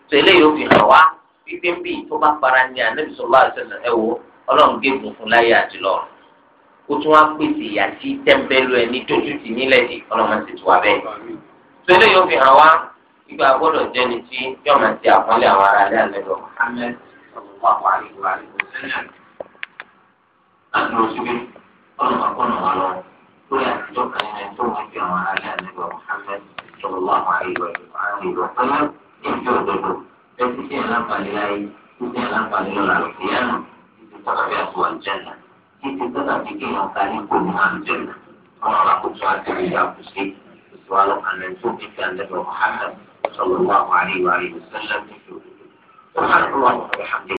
B: tó eléyìí ó fi hàn wá
A: pípé ń bì tó bá para ni ànábì sọlá àṣẹlẹ ẹ wo ọlọ́run gégùn fún láyé àti lọ́run ó tún wá pèsè ìyà tí tẹ́ńbẹ́lú ẹ ní tójú ti nílẹ̀ dì ọlọ́run ti tù wá bẹ́ẹ̀ tó eléyìí ó fi hàn wá ìgbà gbọ́dọ̀ jẹ́ni tí yọ̀ọ́ máa ti الله عليه وآله وسلم أهل وسبيل قال ما قلنا ولو ولا يحتجوك أن ينتوه في على النبي محمد صلى الله عليه وآله وسلم يحتجوك ذلك لكن شيء لم قال إلهي شيء لم قال إلهي على القيامة يتطلع في أسوأ الجنة يتطلع في كي ينقال كل ما الجنة وما لكم سؤال كبير أو تشريك سؤالك أن ينتوه في النبي محمد صلى الله عليه وآله وسلم سبحان الله وبحمده